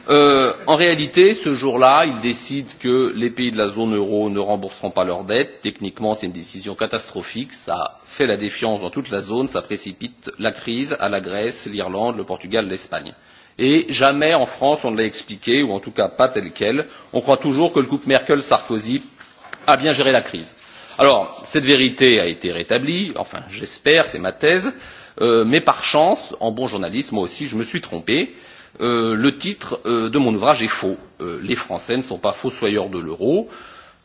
Euh, en réalité, ce jour-là, ils décident que les pays de la zone euro ne rembourseront pas leurs dettes. Techniquement, c'est une décision catastrophique. Ça fait la défiance dans toute la zone. Ça précipite la crise à la Grèce, l'Irlande, le Portugal, l'Espagne. Et jamais en France on ne l'a expliqué, ou en tout cas pas tel quel. On croit toujours que le couple Merkel-Sarkozy a bien géré la crise Alors, cette vérité a été rétablie, enfin j'espère, c'est ma thèse, euh, mais par chance, en bon journaliste, moi aussi je me suis trompé. Euh, le titre euh, de mon ouvrage est faux. Euh, les Français ne sont pas fossoyeurs de l'euro.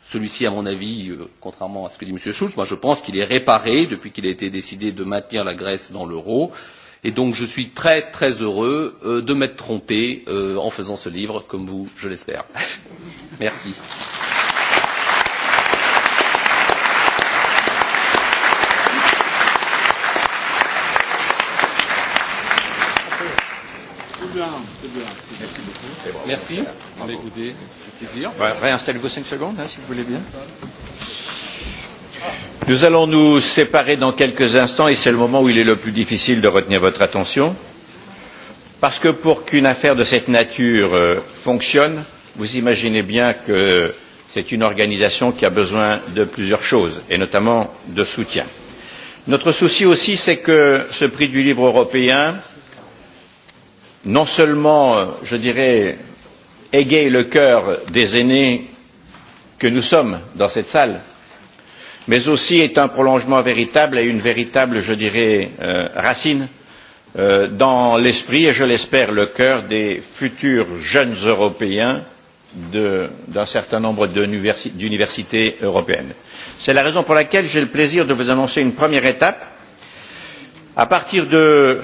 Celui-ci, à mon avis, euh, contrairement à ce que dit M. Schulz, moi je pense qu'il est réparé depuis qu'il a été décidé de maintenir la Grèce dans l'euro. Et donc je suis très très heureux euh, de m'être trompé euh, en faisant ce livre, comme vous, je l'espère. Merci. Merci beaucoup. Bon. Merci. On écouté. C'est plaisir. Bah, Réinstallez-vous cinq secondes, hein, si vous voulez bien. Nous allons nous séparer dans quelques instants et c'est le moment où il est le plus difficile de retenir votre attention. Parce que pour qu'une affaire de cette nature euh, fonctionne, vous imaginez bien que c'est une organisation qui a besoin de plusieurs choses, et notamment de soutien. Notre souci aussi, c'est que ce prix du livre européen non seulement, je dirais, égaye le cœur des aînés que nous sommes dans cette salle, mais aussi est un prolongement véritable et une véritable, je dirais, racine dans l'esprit et, je l'espère, le cœur des futurs jeunes Européens d'un certain nombre d'universités européennes. C'est la raison pour laquelle j'ai le plaisir de vous annoncer une première étape. À partir de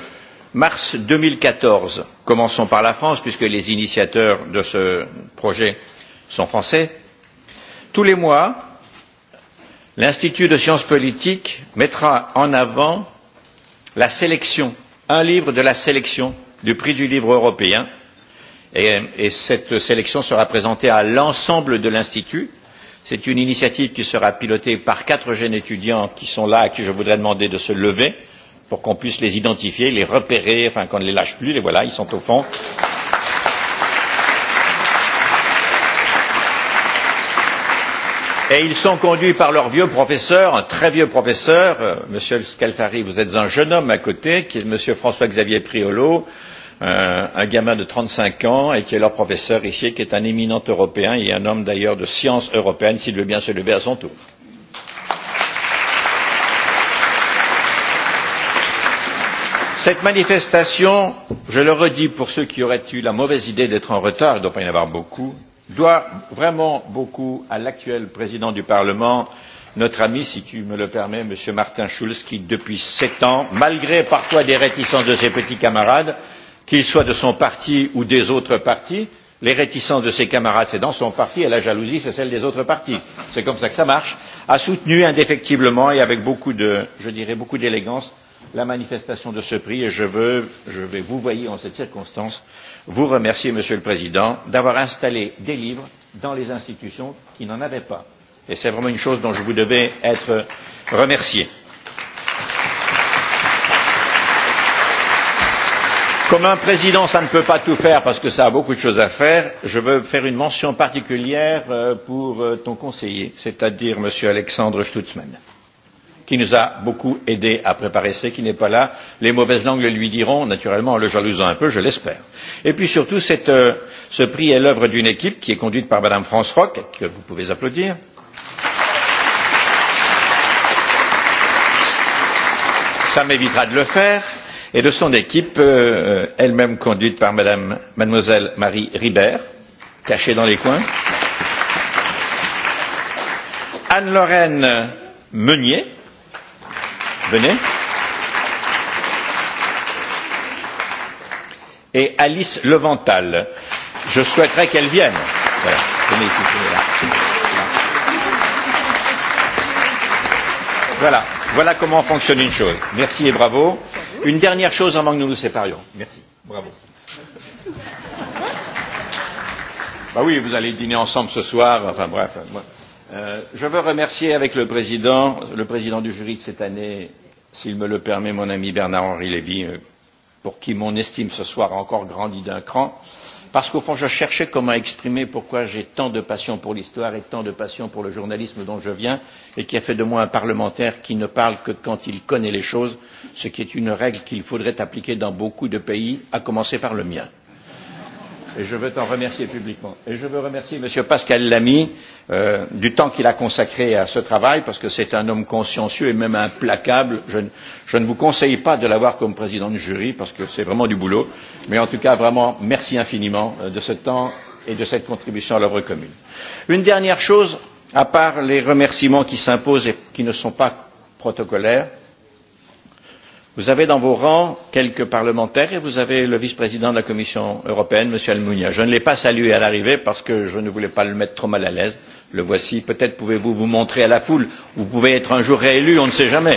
mars deux mille quatorze commençons par la france puisque les initiateurs de ce projet sont français tous les mois l'institut de sciences politiques mettra en avant la sélection un livre de la sélection du prix du livre européen et, et cette sélection sera présentée à l'ensemble de l'institut. C'est une initiative qui sera pilotée par quatre jeunes étudiants qui sont là à qui je voudrais demander de se lever pour qu'on puisse les identifier, les repérer, enfin qu'on ne les lâche plus, les voilà, ils sont au fond. Et ils sont conduits par leur vieux professeur, un très vieux professeur, Monsieur Scalfari, vous êtes un jeune homme à côté, qui est Monsieur François-Xavier Priolo, euh, un gamin de 35 ans, et qui est leur professeur ici, qui est un éminent européen et un homme d'ailleurs de science européenne, s'il veut bien se lever à son tour. Cette manifestation, je le redis pour ceux qui auraient eu la mauvaise idée d'être en retard, il ne doit pas y en avoir beaucoup, doit vraiment beaucoup à l'actuel président du Parlement, notre ami, si tu me le permets, M. Martin Schulz, qui depuis sept ans, malgré parfois des réticences de ses petits camarades, qu'ils soient de son parti ou des autres partis, les réticences de ses camarades, c'est dans son parti, et la jalousie, c'est celle des autres partis. C'est comme ça que ça marche. A soutenu indéfectiblement et avec beaucoup de, je dirais, beaucoup d'élégance la manifestation de ce prix et je veux, je vais vous voyez en cette circonstance, vous remercier, Monsieur le Président, d'avoir installé des livres dans les institutions qui n'en avaient pas. Et c'est vraiment une chose dont je vous devais être remercié. Comme un président, ça ne peut pas tout faire parce que ça a beaucoup de choses à faire. Je veux faire une mention particulière pour ton conseiller, c'est-à-dire Monsieur Alexandre Stutzmann qui nous a beaucoup aidés à préparer ce qui n'est pas là. Les mauvaises langues le lui diront, naturellement en le jalousant un peu, je l'espère. Et puis surtout, cette, euh, ce prix est l'œuvre d'une équipe qui est conduite par Madame France Roch, que vous pouvez applaudir. Ça m'évitera de le faire et de son équipe, euh, elle-même conduite par Madame, Mademoiselle Marie Ribert, cachée dans les coins. Anne-Lorraine Meunier, venez. Et Alice Levental. Je souhaiterais qu'elle vienne. Voilà. Venez ici, venez là. Voilà. Voilà comment fonctionne une chose. Merci et bravo. Une dernière chose avant que nous nous séparions. Merci. Bravo. Bah oui, vous allez dîner ensemble ce soir. Enfin bref. Euh, je veux remercier avec le président, le président du jury de cette année, s'il me le permet, mon ami Bernard-Henri Lévy, pour qui mon estime ce soir a encore grandi d'un cran, parce qu'au fond, je cherchais comment exprimer pourquoi j'ai tant de passion pour l'histoire et tant de passion pour le journalisme dont je viens et qui a fait de moi un parlementaire qui ne parle que quand il connaît les choses, ce qui est une règle qu'il faudrait appliquer dans beaucoup de pays, à commencer par le mien et je veux t'en remercier publiquement. Et je veux remercier M. Pascal Lamy euh, du temps qu'il a consacré à ce travail, parce que c'est un homme consciencieux et même implacable. Je, je ne vous conseille pas de l'avoir comme président du jury, parce que c'est vraiment du boulot. Mais en tout cas, vraiment, merci infiniment de ce temps et de cette contribution à l'œuvre commune. Une dernière chose, à part les remerciements qui s'imposent et qui ne sont pas protocolaires, vous avez dans vos rangs quelques parlementaires et vous avez le vice président de la commission européenne m. almunia. je ne l'ai pas salué à l'arrivée parce que je ne voulais pas le mettre trop mal à l'aise le voici peut être pouvez vous vous montrer à la foule vous pouvez être un jour réélu on ne sait jamais.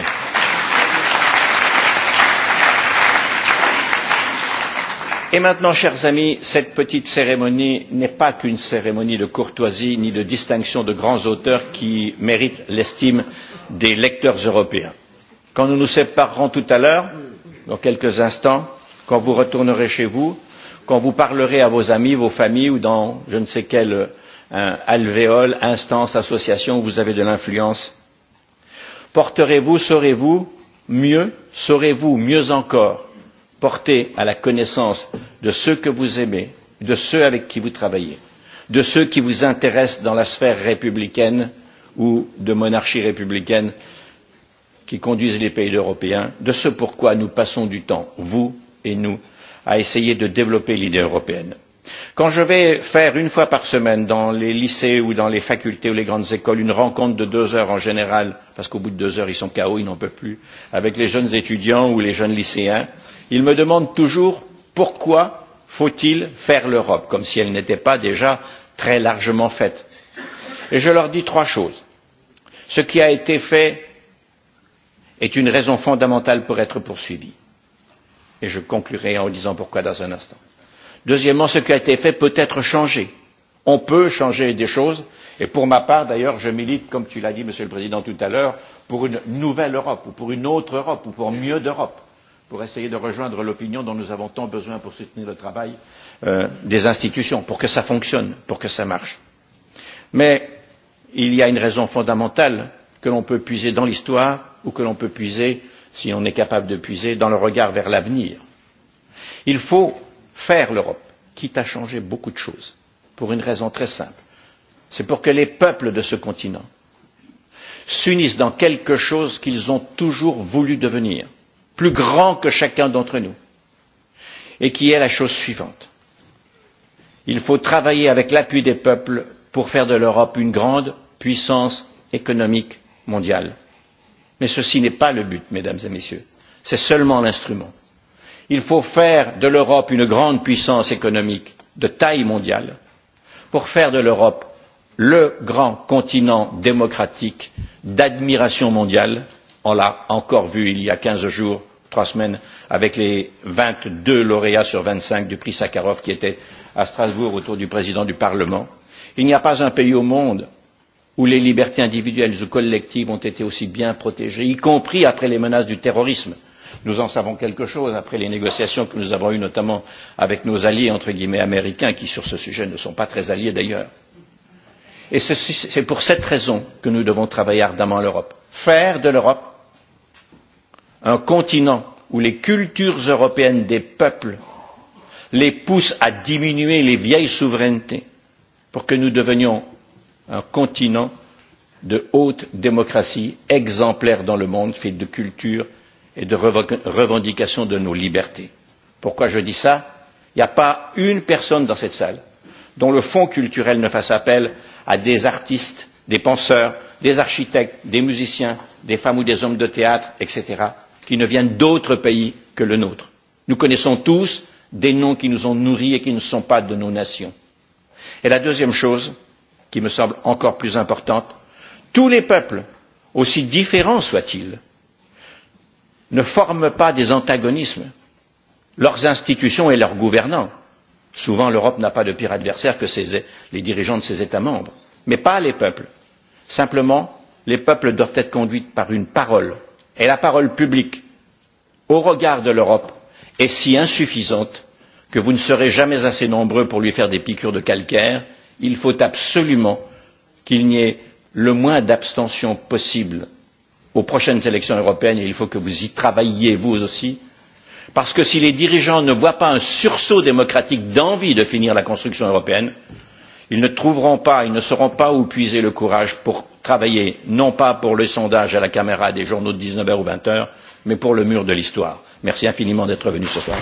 et maintenant chers amis cette petite cérémonie n'est pas qu'une cérémonie de courtoisie ni de distinction de grands auteurs qui méritent l'estime des lecteurs européens quand nous nous séparerons tout à l'heure dans quelques instants quand vous retournerez chez vous quand vous parlerez à vos amis vos familles ou dans je ne sais quelle alvéole instance association où vous avez de l'influence porterez vous saurez vous mieux saurez vous mieux encore porter à la connaissance de ceux que vous aimez de ceux avec qui vous travaillez de ceux qui vous intéressent dans la sphère républicaine ou de monarchie républicaine qui conduisent les pays européens, de ce pourquoi nous passons du temps, vous et nous, à essayer de développer l'idée européenne. Quand je vais faire une fois par semaine dans les lycées ou dans les facultés ou les grandes écoles une rencontre de deux heures en général, parce qu'au bout de deux heures ils sont KO, ils n'en peuvent plus, avec les jeunes étudiants ou les jeunes lycéens, ils me demandent toujours pourquoi faut-il faire l'Europe, comme si elle n'était pas déjà très largement faite. Et je leur dis trois choses. Ce qui a été fait est une raison fondamentale pour être poursuivi. Et je conclurai en disant pourquoi dans un instant. Deuxièmement, ce qui a été fait peut être changé. On peut changer des choses. Et pour ma part, d'ailleurs, je milite, comme tu l'as dit, Monsieur le Président, tout à l'heure, pour une nouvelle Europe, ou pour une autre Europe, ou pour mieux d'Europe, pour essayer de rejoindre l'opinion dont nous avons tant besoin pour soutenir le travail euh, des institutions, pour que ça fonctionne, pour que ça marche. Mais il y a une raison fondamentale que l'on peut puiser dans l'histoire ou que l'on peut puiser, si on est capable de puiser, dans le regard vers l'avenir. Il faut faire l'Europe, quitte à changer beaucoup de choses, pour une raison très simple. C'est pour que les peuples de ce continent s'unissent dans quelque chose qu'ils ont toujours voulu devenir, plus grand que chacun d'entre nous, et qui est la chose suivante. Il faut travailler avec l'appui des peuples pour faire de l'Europe une grande puissance économique mondiale Mais ceci n'est pas le but, mesdames et messieurs. C'est seulement l'instrument. Il faut faire de l'Europe une grande puissance économique de taille mondiale pour faire de l'Europe le grand continent démocratique d'admiration mondiale. On l'a encore vu il y a quinze jours, trois semaines, avec les vingt deux lauréats sur vingt cinq du prix Sakharov qui étaient à Strasbourg autour du président du Parlement. Il n'y a pas un pays au monde où les libertés individuelles ou collectives ont été aussi bien protégées, y compris après les menaces du terrorisme. Nous en savons quelque chose après les négociations que nous avons eues notamment avec nos alliés entre guillemets américains qui sur ce sujet ne sont pas très alliés d'ailleurs. Et c'est pour cette raison que nous devons travailler ardemment l'Europe. Faire de l'Europe un continent où les cultures européennes des peuples les poussent à diminuer les vieilles souverainetés pour que nous devenions un continent de haute démocratie exemplaire dans le monde, fait de culture et de revendication de nos libertés. Pourquoi je dis cela Il n'y a pas une personne dans cette salle dont le fonds culturel ne fasse appel à des artistes, des penseurs, des architectes, des musiciens, des femmes ou des hommes de théâtre, etc., qui ne viennent d'autres pays que le nôtre. Nous connaissons tous des noms qui nous ont nourris et qui ne sont pas de nos nations. Et la deuxième chose, qui me semble encore plus importante, tous les peuples, aussi différents soient-ils, ne forment pas des antagonismes. Leurs institutions et leurs gouvernants. Souvent, l'Europe n'a pas de pire adversaire que ses, les dirigeants de ses États membres, mais pas les peuples. Simplement, les peuples doivent être conduits par une parole, et la parole publique, au regard de l'Europe, est si insuffisante que vous ne serez jamais assez nombreux pour lui faire des piqûres de calcaire il faut absolument qu'il n'y ait le moins d'abstention possible aux prochaines élections européennes et il faut que vous y travailliez vous aussi parce que si les dirigeants ne voient pas un sursaut démocratique d'envie de finir la construction européenne ils ne trouveront pas ils ne sauront pas où puiser le courage pour travailler non pas pour le sondage à la caméra des journaux de dix neuf heures ou vingt heures, mais pour le mur de l'histoire. merci infiniment d'être venu ce soir.